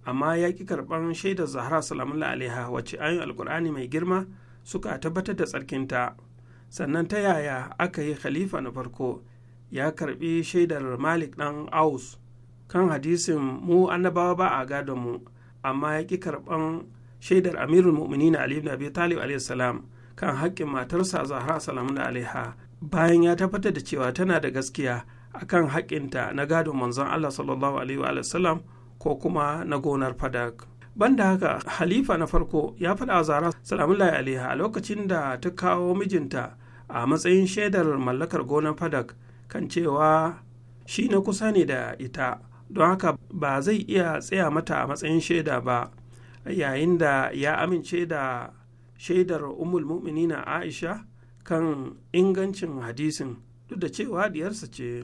amma ya ki karban shaidar zahra salamu alaiha wacce ayin alkur'ani mai girma suka tabbatar da tsarkinta sannan ta yaya aka yi khalifa na farko ya karbi shaidar malik ɗan aus kan hadisin mu annabawa ba a gadon mu amma ya ƙi karɓan shaidar amirul mu'minin ali ibn abi talib a.s. kan haƙƙin matarsa zahra salamun alaiha bayan ya tabbatar da cewa tana da gaskiya akan haƙƙinta na gadon manzon Allah sallallahu alaihi wa sallam ko kuma na gonar fadak banda haka halifa na farko ya faɗa wa zahra salamun alaiha a lokacin da ta kawo mijinta a matsayin shaidar mallakar gonar fadak kan cewa shi na kusa ne da ita don haka ba zai iya tsaya mata a matsayin shaida ba yayin da ya amince da shaidar umul na aisha kan ingancin hadisin duk da cewa diyarsa ce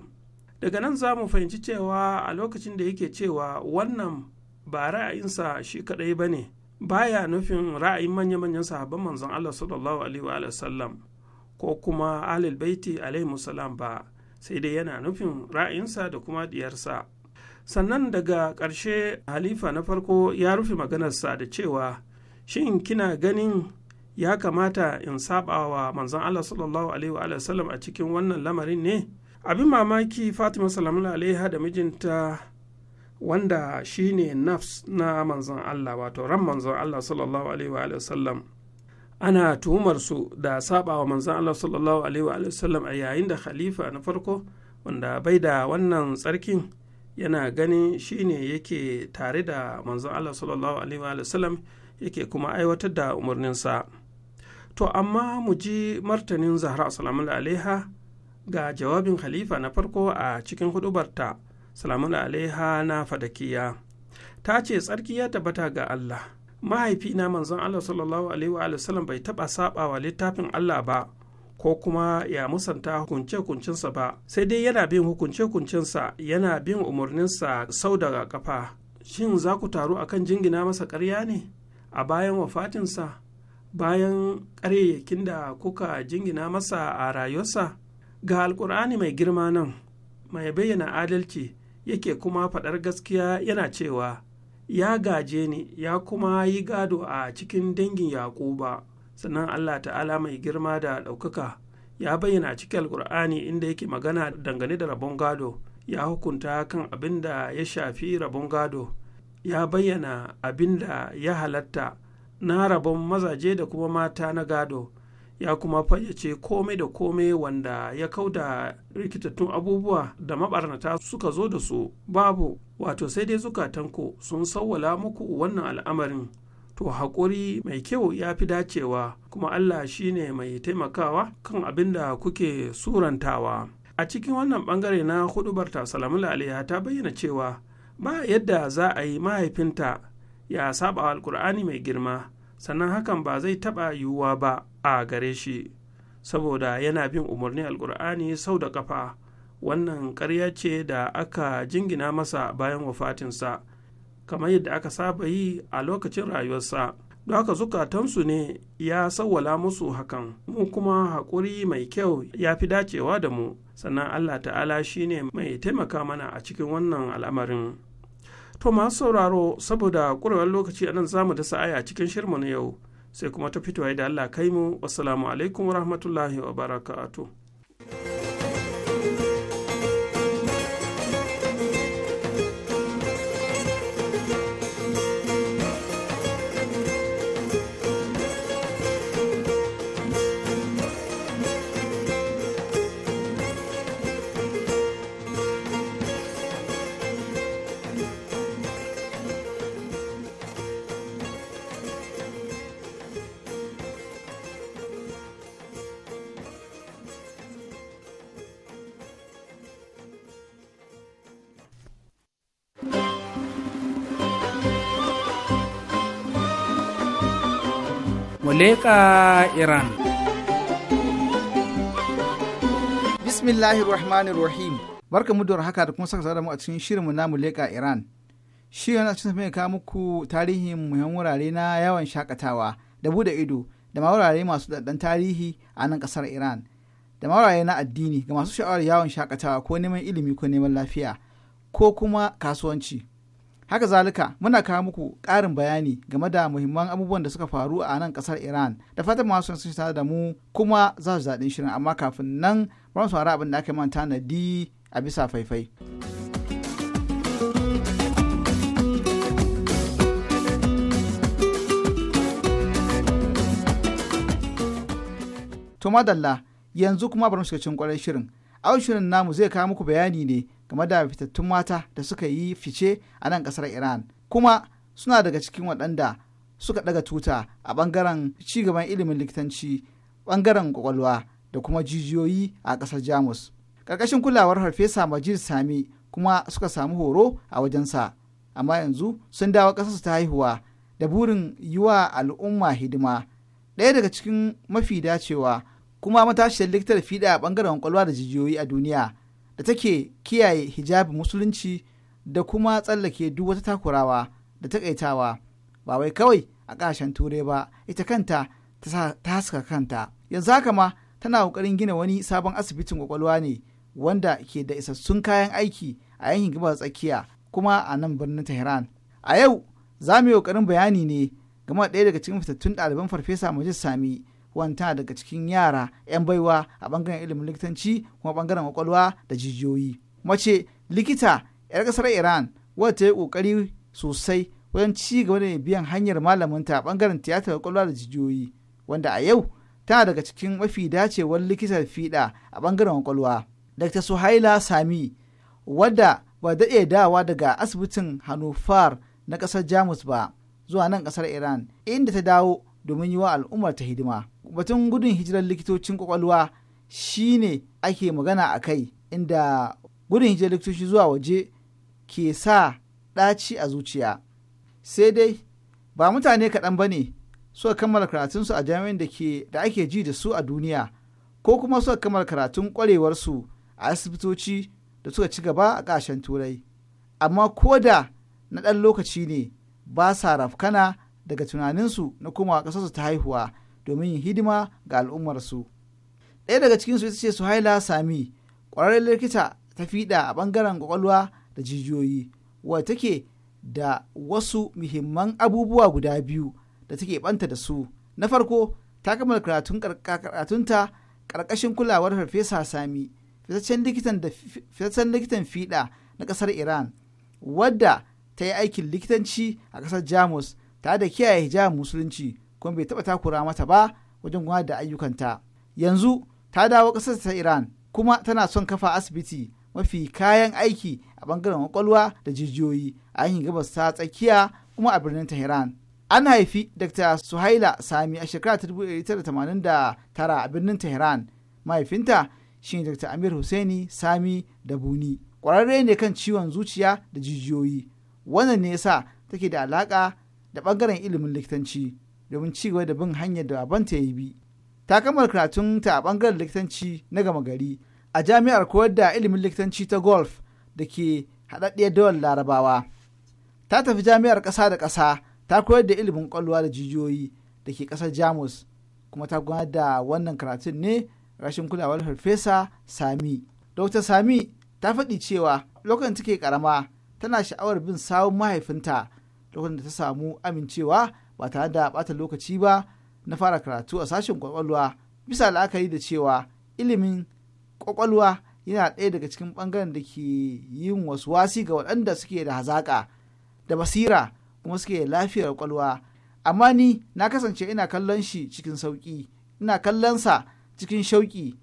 daga nan za mu fahimci cewa a lokacin da yake cewa wannan ba ra'ayinsa shi kadai ba ne baya nufin ra'ayin manya-manyan sahabban manzon allah sallallahu alaihi wa sallam ko kuma ahlul baiti alaihi musalam ba sai dai yana nufin ra'ayinsa da kuma diyarsa sannan daga ƙarshe halifa na farko ya rufe maganarsa da cewa shin kina ganin ya kamata in saba wa manzon Allah sallallahu alaihi wa sallam a cikin wannan lamarin ne abin mamaki Fatima salamun alaiha da mijinta wanda shine nafs na manzon Allah wato ran manzon Allah sallallahu alaihi wa sallam ana tuhumar su da saba wa manzan Allah sallallahu alaihi wa a yayin da khalifa na farko wanda bai da wannan tsarkin yana ganin shine yake tare da manzan Allah sallallahu alaihi wa yake kuma aiwatar da umarninsa to amma mu ji martanin zahra Salamu alaiha ga jawabin khalifa na farko a cikin hudubarta Salamu alaiha na fadakiya ta ce tsarki ya tabbata ga Allah mahaifina manzon Allah sallallahu alaihi wa sallam bai taɓa saɓawa littafin Allah ba ko kuma ya musanta hukunce-hukuncinsa ba sai dai yana bin hukunce-hukuncinsa yana bin umarninsa sau daga kafa shin za ku taru akan jingina masa ƙarya ne a bayan wafatinsa bayan ƙaryayyakin da kuka jingina masa a rayuwarsa ga alkur'ani mai girma nan mai bayyana adalci yake kuma faɗar gaskiya yana cewa ya gaje ni ya kuma yi gado a cikin dangin yaƙuba sannan allah ta'ala mai girma da ɗaukaka ya bayyana cikin alkur'ani inda yake magana dangane da rabon gado ya hukunta kan abin da ya shafi rabon gado ya bayyana abin da ya halatta na rabon mazaje da kuma mata na gado ya kuma fayyace komai da komai wanda ya kauda rikitattun abubuwa da mabarnata suka zo da su babu wato sai dai zukatanku sun sawwala muku wannan al'amarin to haƙuri mai kyau ya fi dacewa kuma Allah shine mai taimakawa kan abin da kuke surantawa a cikin wannan bangare na hudubar ta salamula alaiha ta bayyana cewa ba yadda za a yi mahaifinta ya saba alkur'ani mai girma sannan hakan ba zai taɓa yiwuwa ba a gare shi saboda yana bin umarnin alkur'ani sau da kafa wannan karya ce da aka jingina masa bayan wafatinsa kamar yadda aka saba yi a lokacin rayuwarsa don haka zukatansu ne ya sawwala musu hakan mu kuma haƙuri mai kyau ya fi dacewa da mu sannan allah ta'ala shine mai taimaka mana a cikin wannan al'amarin to masu sauraro saboda ƙurewar lokaci a nan zamu da sa'aya cikin shirmu na yau sai kuma ta fitowa da allah kai mu wasu alaikum wa wabarakatuh leka iran bismillahirrahmanirrahim rahmanir barka mu da haka da kuma saka da mu a cikin shirinmu na muleka iran shi yana cikin mai kawo muku tarihin muhimman wurare na yawan shakatawa da bude ido da ma wurare masu daɗan tarihi a nan ƙasar iran da ma wurare na addini ga masu sha'awar yawon shakatawa ko neman ilimi ko neman lafiya ko kuma kasuwanci haka zalika muna kawo muku ƙarin bayani game da muhimman abubuwan da suka faru a nan kasar iran da fatan masu sun tare da mu kuma za su daɗin shirin amma kafin nan ba mu abin da aka manta na di a bisa faifai. To madalla yanzu kuma bari mu shiga cikin kwarar shirin. aun shirin namu zai kawo muku bayani ne game da fitattun mata da suka yi fice a nan kasar iran kuma suna daga cikin waɗanda suka ɗaga tuta a ɓangaren cigaban ilimin likitanci ɓangaren kwakwalwa da kuma jijiyoyi a ƙasar jamus ƙarƙashin kulawar farfesa majid sami kuma suka samu horo a wajensa amma yanzu sun dawo ƙasar su ta haihuwa da burin yi wa al'umma hidima ɗaya daga cikin mafi dacewa kuma matashiyar likitar fiɗa a ɓangaren kwakwalwa da jijiyoyi a duniya da take kiyaye hijabi musulunci da kuma tsallake duk wata takurawa da takaitawa ba wai kawai a ƙasashen turai ba ita kanta ta haska kanta yanzu haka ma tana ƙoƙarin gina wani sabon asibitin ƙwaƙwalwa ne wanda ke da isassun kayan aiki a yankin gabas tsakiya kuma a nan birnin tehran a yau za mu yi ƙoƙarin bayani ne game da ɗaya daga cikin fitattun ɗaliban farfesa majid sami wanta daga cikin yara 'yan baiwa a bangaren ilimin likitanci kuma bangaren kwakwalwa da jijiyoyi mace likita 'yar kasar iran wadda ta yi kokari sosai wajen ci gaba da biyan hanyar malaminta a bangaren tiyatar kwakwalwa da jijiyoyi wanda a yau tana daga cikin mafi dacewar likitar fiɗa a bangaren kwakwalwa dr suhaila sami wadda ba daɗe dawa daga asibitin hanufar na ƙasar jamus ba zuwa nan ƙasar iran inda ta dawo domin yi wa al'ummar ta hidima batun gudun hijirar likitocin kwakwalwa ne ake magana a kai inda gudun hijirar likitoci zuwa waje ke sa ɗaci a zuciya sai dai ba mutane kaɗan ba ne suka kammala karatunsu a jami'in da ake ji da su a duniya ko kuma suka kammala karatun ƙwarewarsu a asibitoci da suka ci gaba a ƙashen turai amma ko da na ɗan lokaci ne ba sa rafkana daga tunaninsu na komawa ƙasarsu ta haihuwa domin yin hidima ga al'ummarsu. Ɗaya daga cikinsu ita ce Suhaila Sami, ƙwararren likita ta fiɗa a ɓangaren ƙwaƙwalwa da jijiyoyi, wadda take da wasu muhimman abubuwa guda biyu da take ɓanta da su. Na farko, ta kammala karatunta ƙarƙashin kulawar Farfesa Sami, fitaccen likitan fiɗa na ƙasar Iran, wadda ta yi aikin likitanci a ƙasar Jamus ta da kiyaye hijabin musulunci kuma bai taɓa takura mata ba wajen gudanar da ayyukanta yanzu ta dawo ƙasar ta iran kuma tana son kafa asibiti mafi kayan aiki a bangaren kwakwalwa da jijiyoyi a yankin gabas ta tsakiya kuma a birnin tehran an haifi dr suhaila sami a shekara 1989 a birnin tehran mahaifinta shine dr amir hussaini sami da buni kwararre ne kan ciwon zuciya da jijiyoyi wannan ne yasa take da alaka da ɓangaren ilimin likitanci domin cigaba da bin hanyar da ta ya bi. Ta kammala ta a ɓangaren likitanci na gama gari a jami'ar koyar da ilimin likitanci ta golf da ke haɗaɗɗiyar dawar larabawa. Ta tafi jami'ar ƙasa da ƙasa ta koyar da ilimin ƙwallowa da jijiyoyi da ke ƙasar Jamus kuma ta gudanar da wannan karatun ne rashin kulawar farfesa Sami. Dr. Sami ta faɗi cewa lokacin take ƙarama tana sha'awar bin sawun mahaifinta lokacin da ta samu amincewa ba tare da bata lokaci ba na fara karatu a sashen kwakwalwa bisa la'akari da cewa ilimin kwakwalwa yana ɗaya daga cikin ɓangaren da ke yin wasu wasi ga waɗanda suke da hazaƙa da basira kuma suke lafiyar kwakwalwa amma ni na kasance ina kallon shi cikin sauƙi ina kallon sa cikin shauƙi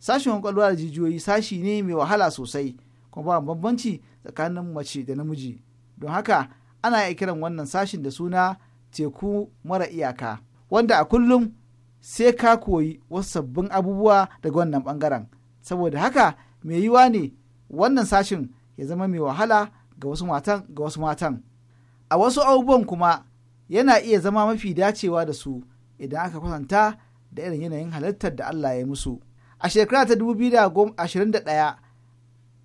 sashen kwakwalwa da jijiyoyi sashi ne mai wahala sosai kuma ba bambanci tsakanin mace da namiji don haka ana iya kiran wannan sashin da suna teku mara iyaka wanda a kullum sai ka koyi wasu sabbin abubuwa daga wannan bangaren saboda haka mai yiwa ne wannan sashin ya zama mai wahala ga wasu matan ga wasu matan a wasu abubuwan kuma yana iya zama mafi dacewa da su idan aka kwatanta da irin yanayin halittar da Allah ya musu a shekara ta 2021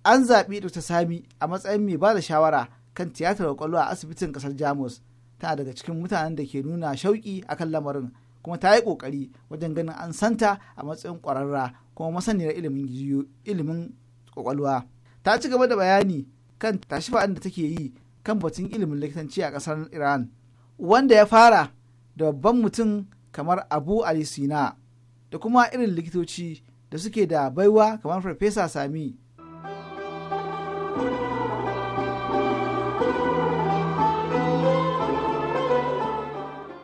an zaɓi Dr. Sami a matsayin mai ba da shawara kan tiyatar kwakwalwa a asibitin kasar jamus tana daga cikin mutanen da ke nuna shauƙi kan lamarin kuma ta yi ƙoƙari wajen ganin an santa a matsayin kwararra kuma masaniyar ilimin ilimin kwakwalwa ta ci gaba da bayani kan tashi da take yi kan batun ilimin likitanci a ƙasar iran wanda ya fara da babban mutum kamar abu ali sina da kuma irin likitoci da suke da baiwa kamar farfesa sami thank you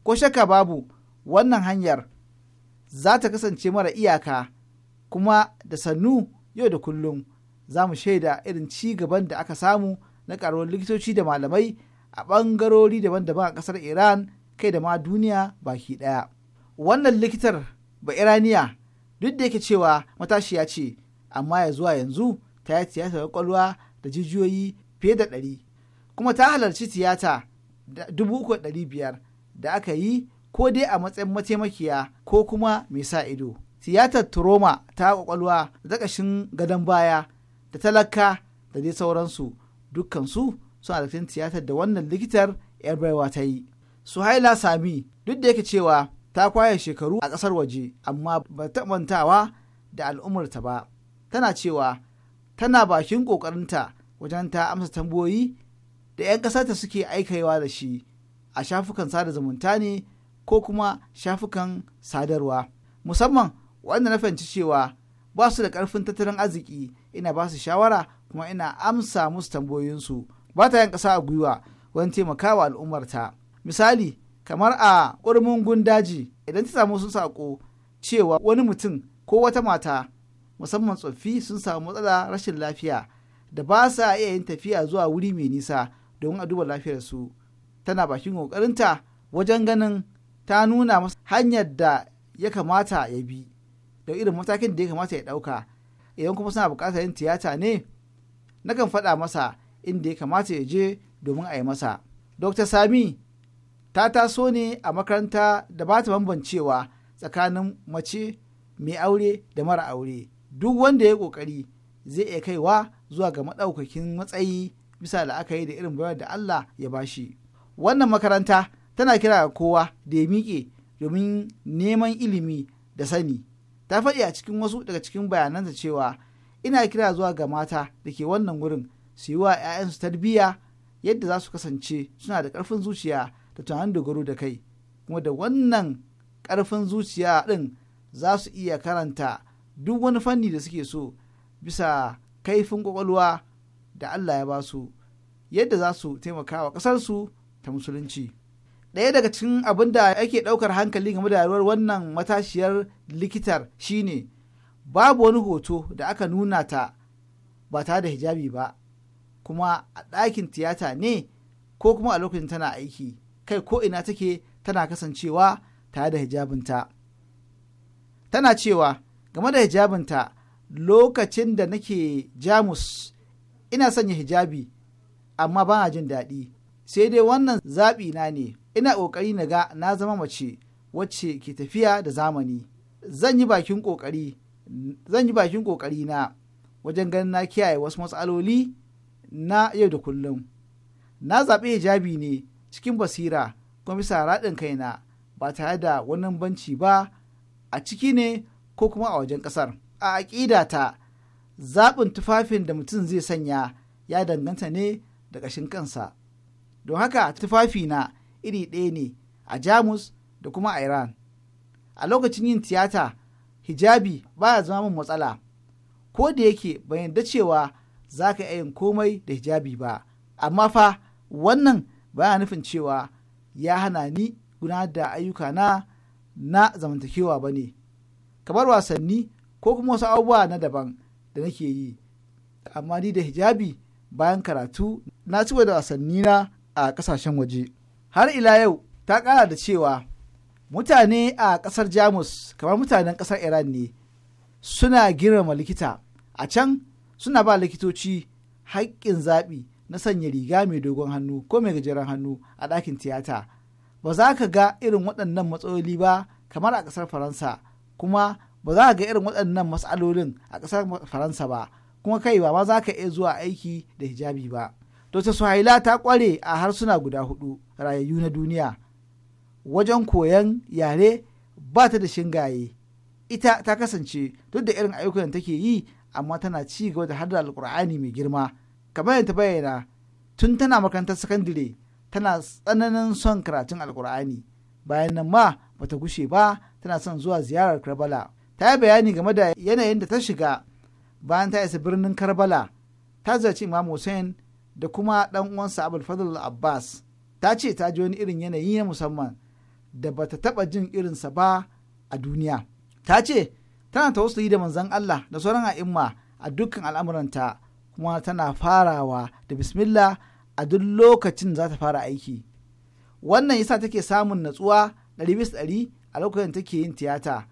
ko shakka babu wannan hanyar za ta kasance mara iyaka kuma da sannu yau da kullum za mu shaida irin ci gaban da aka samu na karuwar likitoci da malamai a ɓangarori daban-daban a ƙasar iran kai da ma duniya baki ɗaya wannan likitar ba iraniya duk da yake cewa matashiya ce amma ya zuwa yanzu ta yi tiyatar kwakwalwa da jijiyoyi fiye da ɗari kuma ta halarci tiyata da dubu uku da ɗari biyar da aka yi ko dai a matsayin mataimakiya ko kuma mai sa ido. Tiyatar turoma ta kwakwalwa da ƙashin gadon baya da talaka da dai sauransu dukkansu suna da tiyatar da wannan likitar 'yar baiwa ta yi. Suhaila Sami duk da yake cewa ta kwaye shekaru a ƙasar waje amma ba ta mantawa da al'ummarta ba. Tana cewa tana bakin ƙoƙarinta wajen ta amsa tambayoyi da 'yan ƙasarta suke aikawa da shi a shafukan sada zumunta ne ko kuma shafukan sadarwa musamman wanda na fahimci cewa ba su da karfin tattalin arziki ina ba su shawara kuma ina amsa musu tambayoyinsu ba ta yin kasa a gwiwa wani taimakawa al'ummarta misali kamar a ƙurmin gundaji idan ta samu sun saƙo cewa wani mutum ko wata mata musamman tsoffi sun samu matsala rashin lafiya da ba sa iya yin tafiya zuwa wuri mai nisa domin a duba lafiyarsu tana bakin ƙoƙarinta wajen ganin ta nuna masa hanyar da ya kamata ya bi da irin matakin da ya kamata ya ɗauka idan kuma suna buƙatar yin tiyata ne nakan faɗa masa inda ya kamata ya je domin a yi masa dr sami ta taso ne a makaranta da ba ta bambancewa tsakanin mace mai aure da mara aure duk wanda ya ƙoƙari zai iya kaiwa zuwa ga maɗaukakin matsayi bisa la'akari da irin bayar da Allah ya bashi. wannan makaranta tana kira ga kowa da ya miƙe domin neman ilimi da sani ta faɗi a cikin wasu daga cikin bayananta cewa ina kira zuwa ga mata da ke wannan wurin su yi wa 'ya'yansu tarbiyya yadda za su kasance suna da ƙarfin zuciya da tunanin dogaro da kai kuma da wannan ƙarfin zuciya ɗin za su iya karanta duk wani fanni da suke so bisa kaifin ƙwaƙwalwa da Allah ya ba su yadda za su taimaka wa ƙasarsu ta musulunci ɗaya daga cikin abin da ake ɗaukar hankali game da yaruwar wannan matashiyar likitar shine babu wani hoto da aka nuna ta ba tare da hijabi ba kuma a ɗakin tiyata ne ko kuma a lokacin tana aiki kai ko ina take tana kasancewa tare da hijabinta tana cewa game da hijabinta lokacin da nake jamus ina sanya hijabi amma ba jin daɗi sai dai wannan zaɓi na ne ina ƙoƙari na ga na zama mace wacce ke tafiya da zamani zan yi bakin ƙoƙari na wajen ganin na kiyaye wasu matsaloli na yau da kullum na zaɓi hijabi ne cikin basira kuma bisa raɗin kaina ba tare da wannan banci ba a ciki ne ko kuma a wajen ƙasar a aƙidata zaɓin tufafin da mutum zai sanya ya danganta ne da ƙashin kansa don haka tufafi na iri ɗaya ne a jamus da kuma a iran a lokacin yin tiyata hijabi baya zama min matsala ko da yake bayan yarda cewa za ka iya yin komai da hijabi ba amma fa wannan baya nufin cewa ya hana ni gudanar da ayyuka na na zamantakewa ba ne kamar wasanni ko kuma wasu abubuwa na daban da nake yi amma ni da hijabi bayan karatu na ci da wasanni na a ƙasashen waje har ila yau ta ƙara da cewa mutane a ƙasar jamus kamar mutanen ƙasar iran ne suna girmama likita a can suna ba likitoci haƙƙin zaɓi na sanya riga mai dogon hannu ko mai gajeren hannu a ɗakin tiyata ba za ka ga irin waɗannan matsaloli ba kamar a ƙasar faransa kuma ba za ka ga irin waɗannan matsalolin a ƙasar faransa ba kuma kai ba ma za ka iya zuwa aiki da hijabi ba. Dr. Suhaila ta kware a harsuna guda hudu rayayyu na duniya. Wajen koyon yare ba ta da shingaye. Ita ta kasance duk da irin ayyukan da take yi amma tana ci gaba da hadda alkur'ani mai girma. Kamar ta bayyana tun tana makarantar sakandire tana tsananin son karatun alkur'ani. Bayan nan ma bata gushe ba tana son zuwa ziyarar Karbala. Ta yi bayani game da yanayin da ta shiga bayan ta isa birnin Karbala. Ta zaci Imam Hussein da kuma ɗan uwansa abul fadl abbas ta ce ta ji wani irin yanayi na musamman da bata taɓa jin irinsa ba a duniya ta ce tana tawassuli da manzan allah da sauran a'imma a dukkan al'amuranta kuma tana farawa da bismillah a duk lokacin za ta fara aiki wannan yasa take samun natsuwa ɗari bis ɗari a lokacin take yin tiyata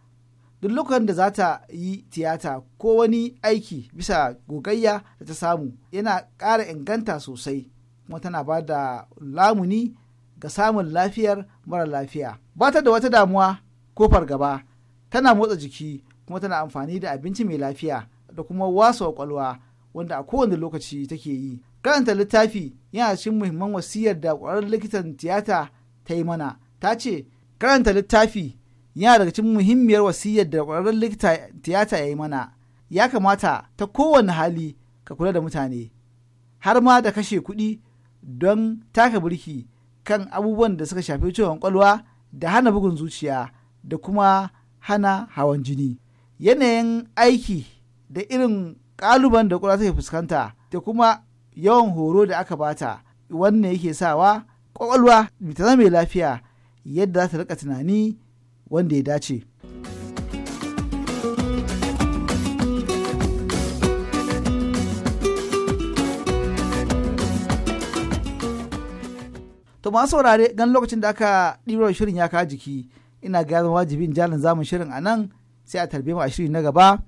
duk lokacin da za ta yi tiyata ko wani aiki bisa gogayya da ta samu yana ƙara inganta sosai kuma tana ba da lamuni ga samun lafiyar mara lafiya ba ta da wata damuwa ko fargaba tana motsa jiki kuma tana amfani da abinci mai lafiya da kuma wasu kwakwalwa wanda a kowane lokaci take yi karanta littafi yana cikin muhimman wasiyar da ƙwararren likitan tiyata ta yi mana ta ce karanta littafi yana daga cikin muhimmiyar wasiyar da ƙwararren likita tiyata ya yi mana ya kamata ta kowane hali ka kula da mutane har ma da kashe kuɗi don taka birki kan abubuwan da suka shafi ciwon kwalwa da hana bugun zuciya da kuma hana hawan jini yanayin aiki da irin ƙaluban da kula take fuskanta da kuma yawan horo da aka bata wannan yake sawa kwakwalwa ta zama mai lafiya yadda za ta rika tunani wanda ya dace. To masu saurare gan lokacin da aka ɗiro shirin ya kawo jiki ina ga zama wajibin jalin zamun shirin a nan sai a tarbe mu a shiri na gaba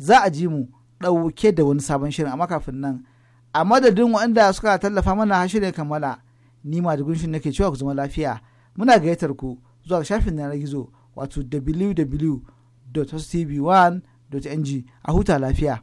za a ji mu ɗauke da wani sabon shirin amma kafin nan a madadin waɗanda suka tallafa mana har shirin kammala ni ma da gunshin nake cewa ku zama lafiya muna gayyatar ku zuwa shafin na gizo wato www.tv1.ng a huta lafiya.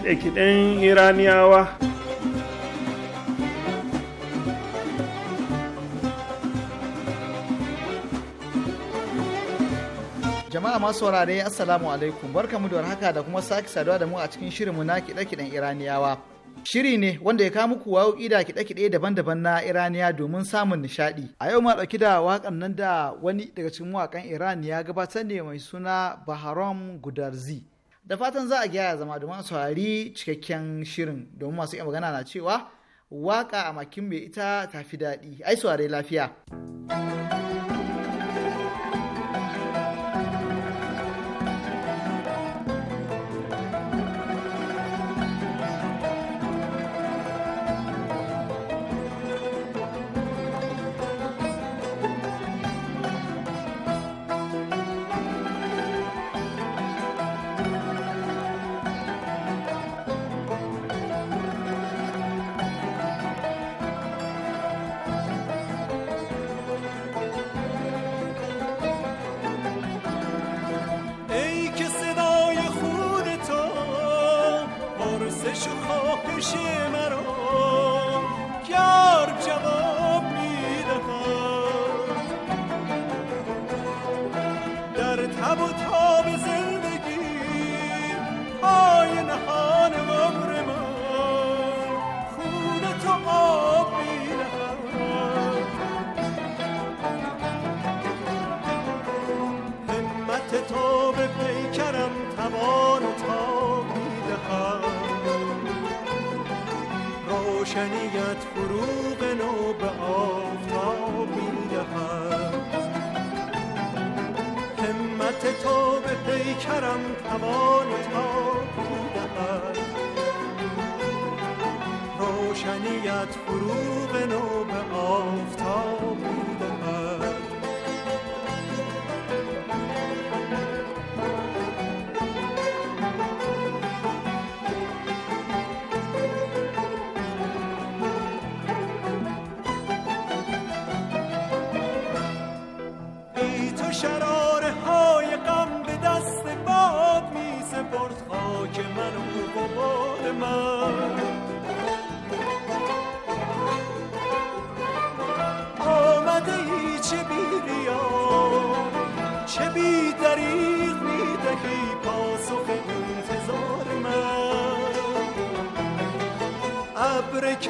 kiɗe-kiɗen iraniyawa jama'a masu wurare assalamu alaikum barkamu da haka da kuma sake saduwa da mu a cikin shirinmu na kiɗe-kiɗen iraniyawa Shiri ne wanda ya kawo muku waƙoƙi da kiɗe-kiɗe daban-daban na Iraniya domin samun nishaɗi. A yau ma ɗauki da waƙan nan da wani daga cikin waƙan Iran ya gabatar ne mai suna Baharam Gudarzi. da fatan za a gyara zama domin a saurari cikakken shirin domin masu iya magana na cewa waka a makin bai ita ta fi daɗi ai saurari lafiya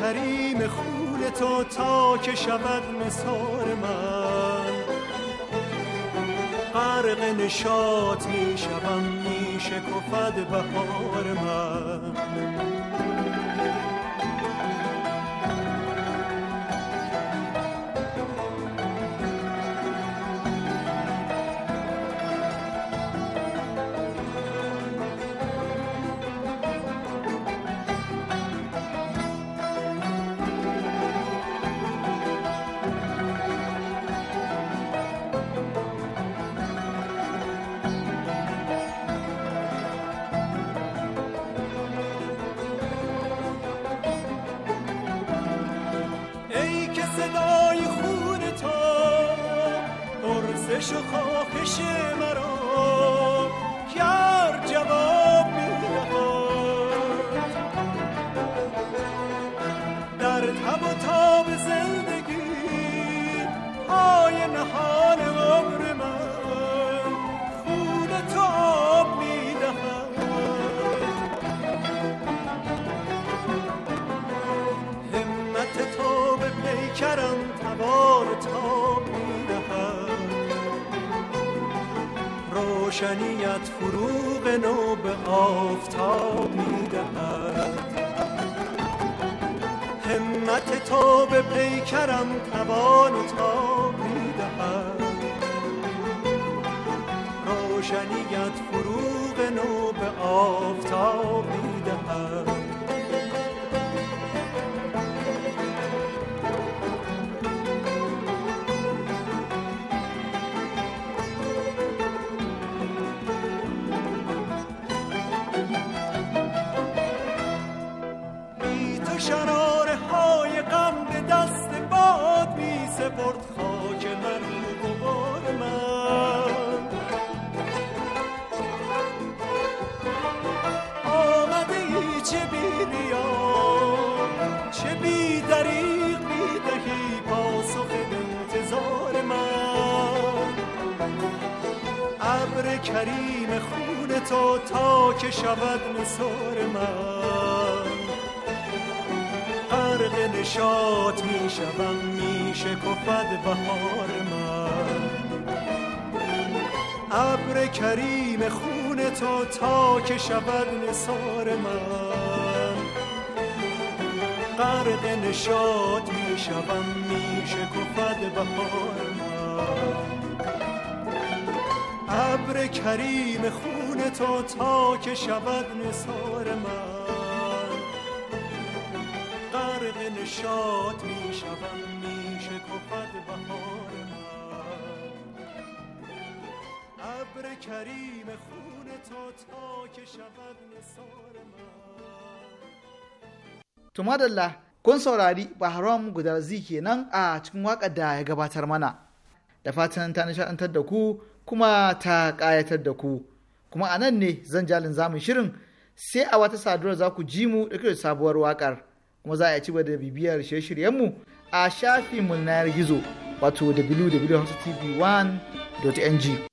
کریم خون تو تا که شود نثار من قرق نشات می شدم می بهار من çaramı کار من قرق نشات می شوم می شکفت بهار من ابر کریم خون تو تا که شود نسار من قرق نشات می شوم می شکفت بهار من ابر کریم خون حسن تو تا که شود نثار من غرق نشاط می شود می شکفت بهار من ابر کریم خون تو تا که شود نثار من تو kun saurari Bahram Gudarzi kenan a cikin waƙar da ya gabatar mana. Da fatan ta nishaɗantar da ku kuma ta kayatar da ku. kuma a nan ne zan jalin zamun shirin sai a wata saduwar za ku ji mu da sabuwar wakar kuma za a ci da bibiyar shirye-shiryenmu a shafinmu na yar gizo wato www.tv1.ng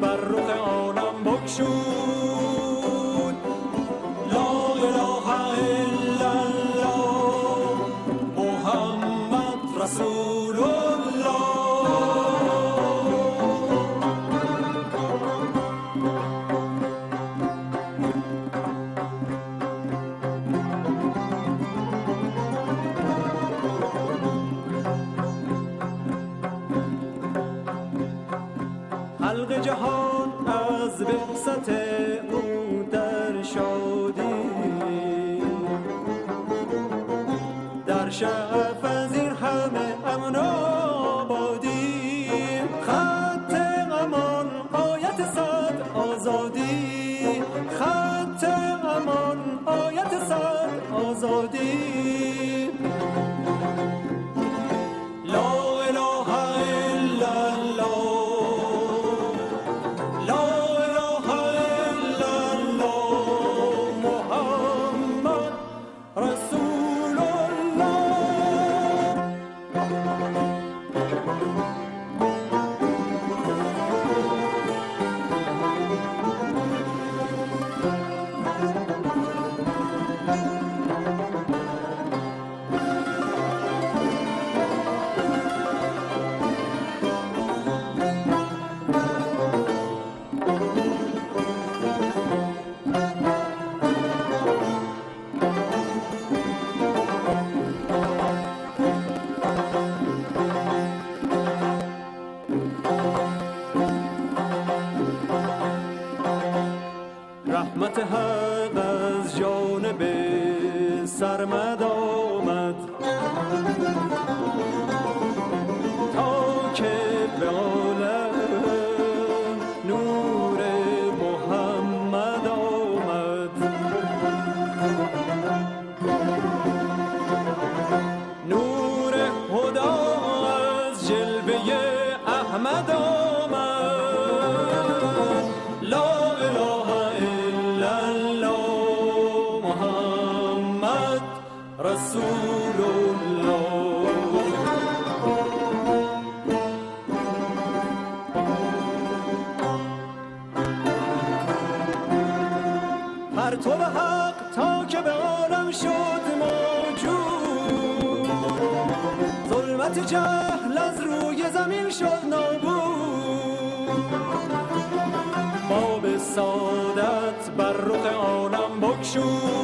بر رخ عالم بکشود فرصت او در شادی در شعف از این همه امن آبادی خط امان آیت صد آزادی خط امان آیت صد آزادی Show.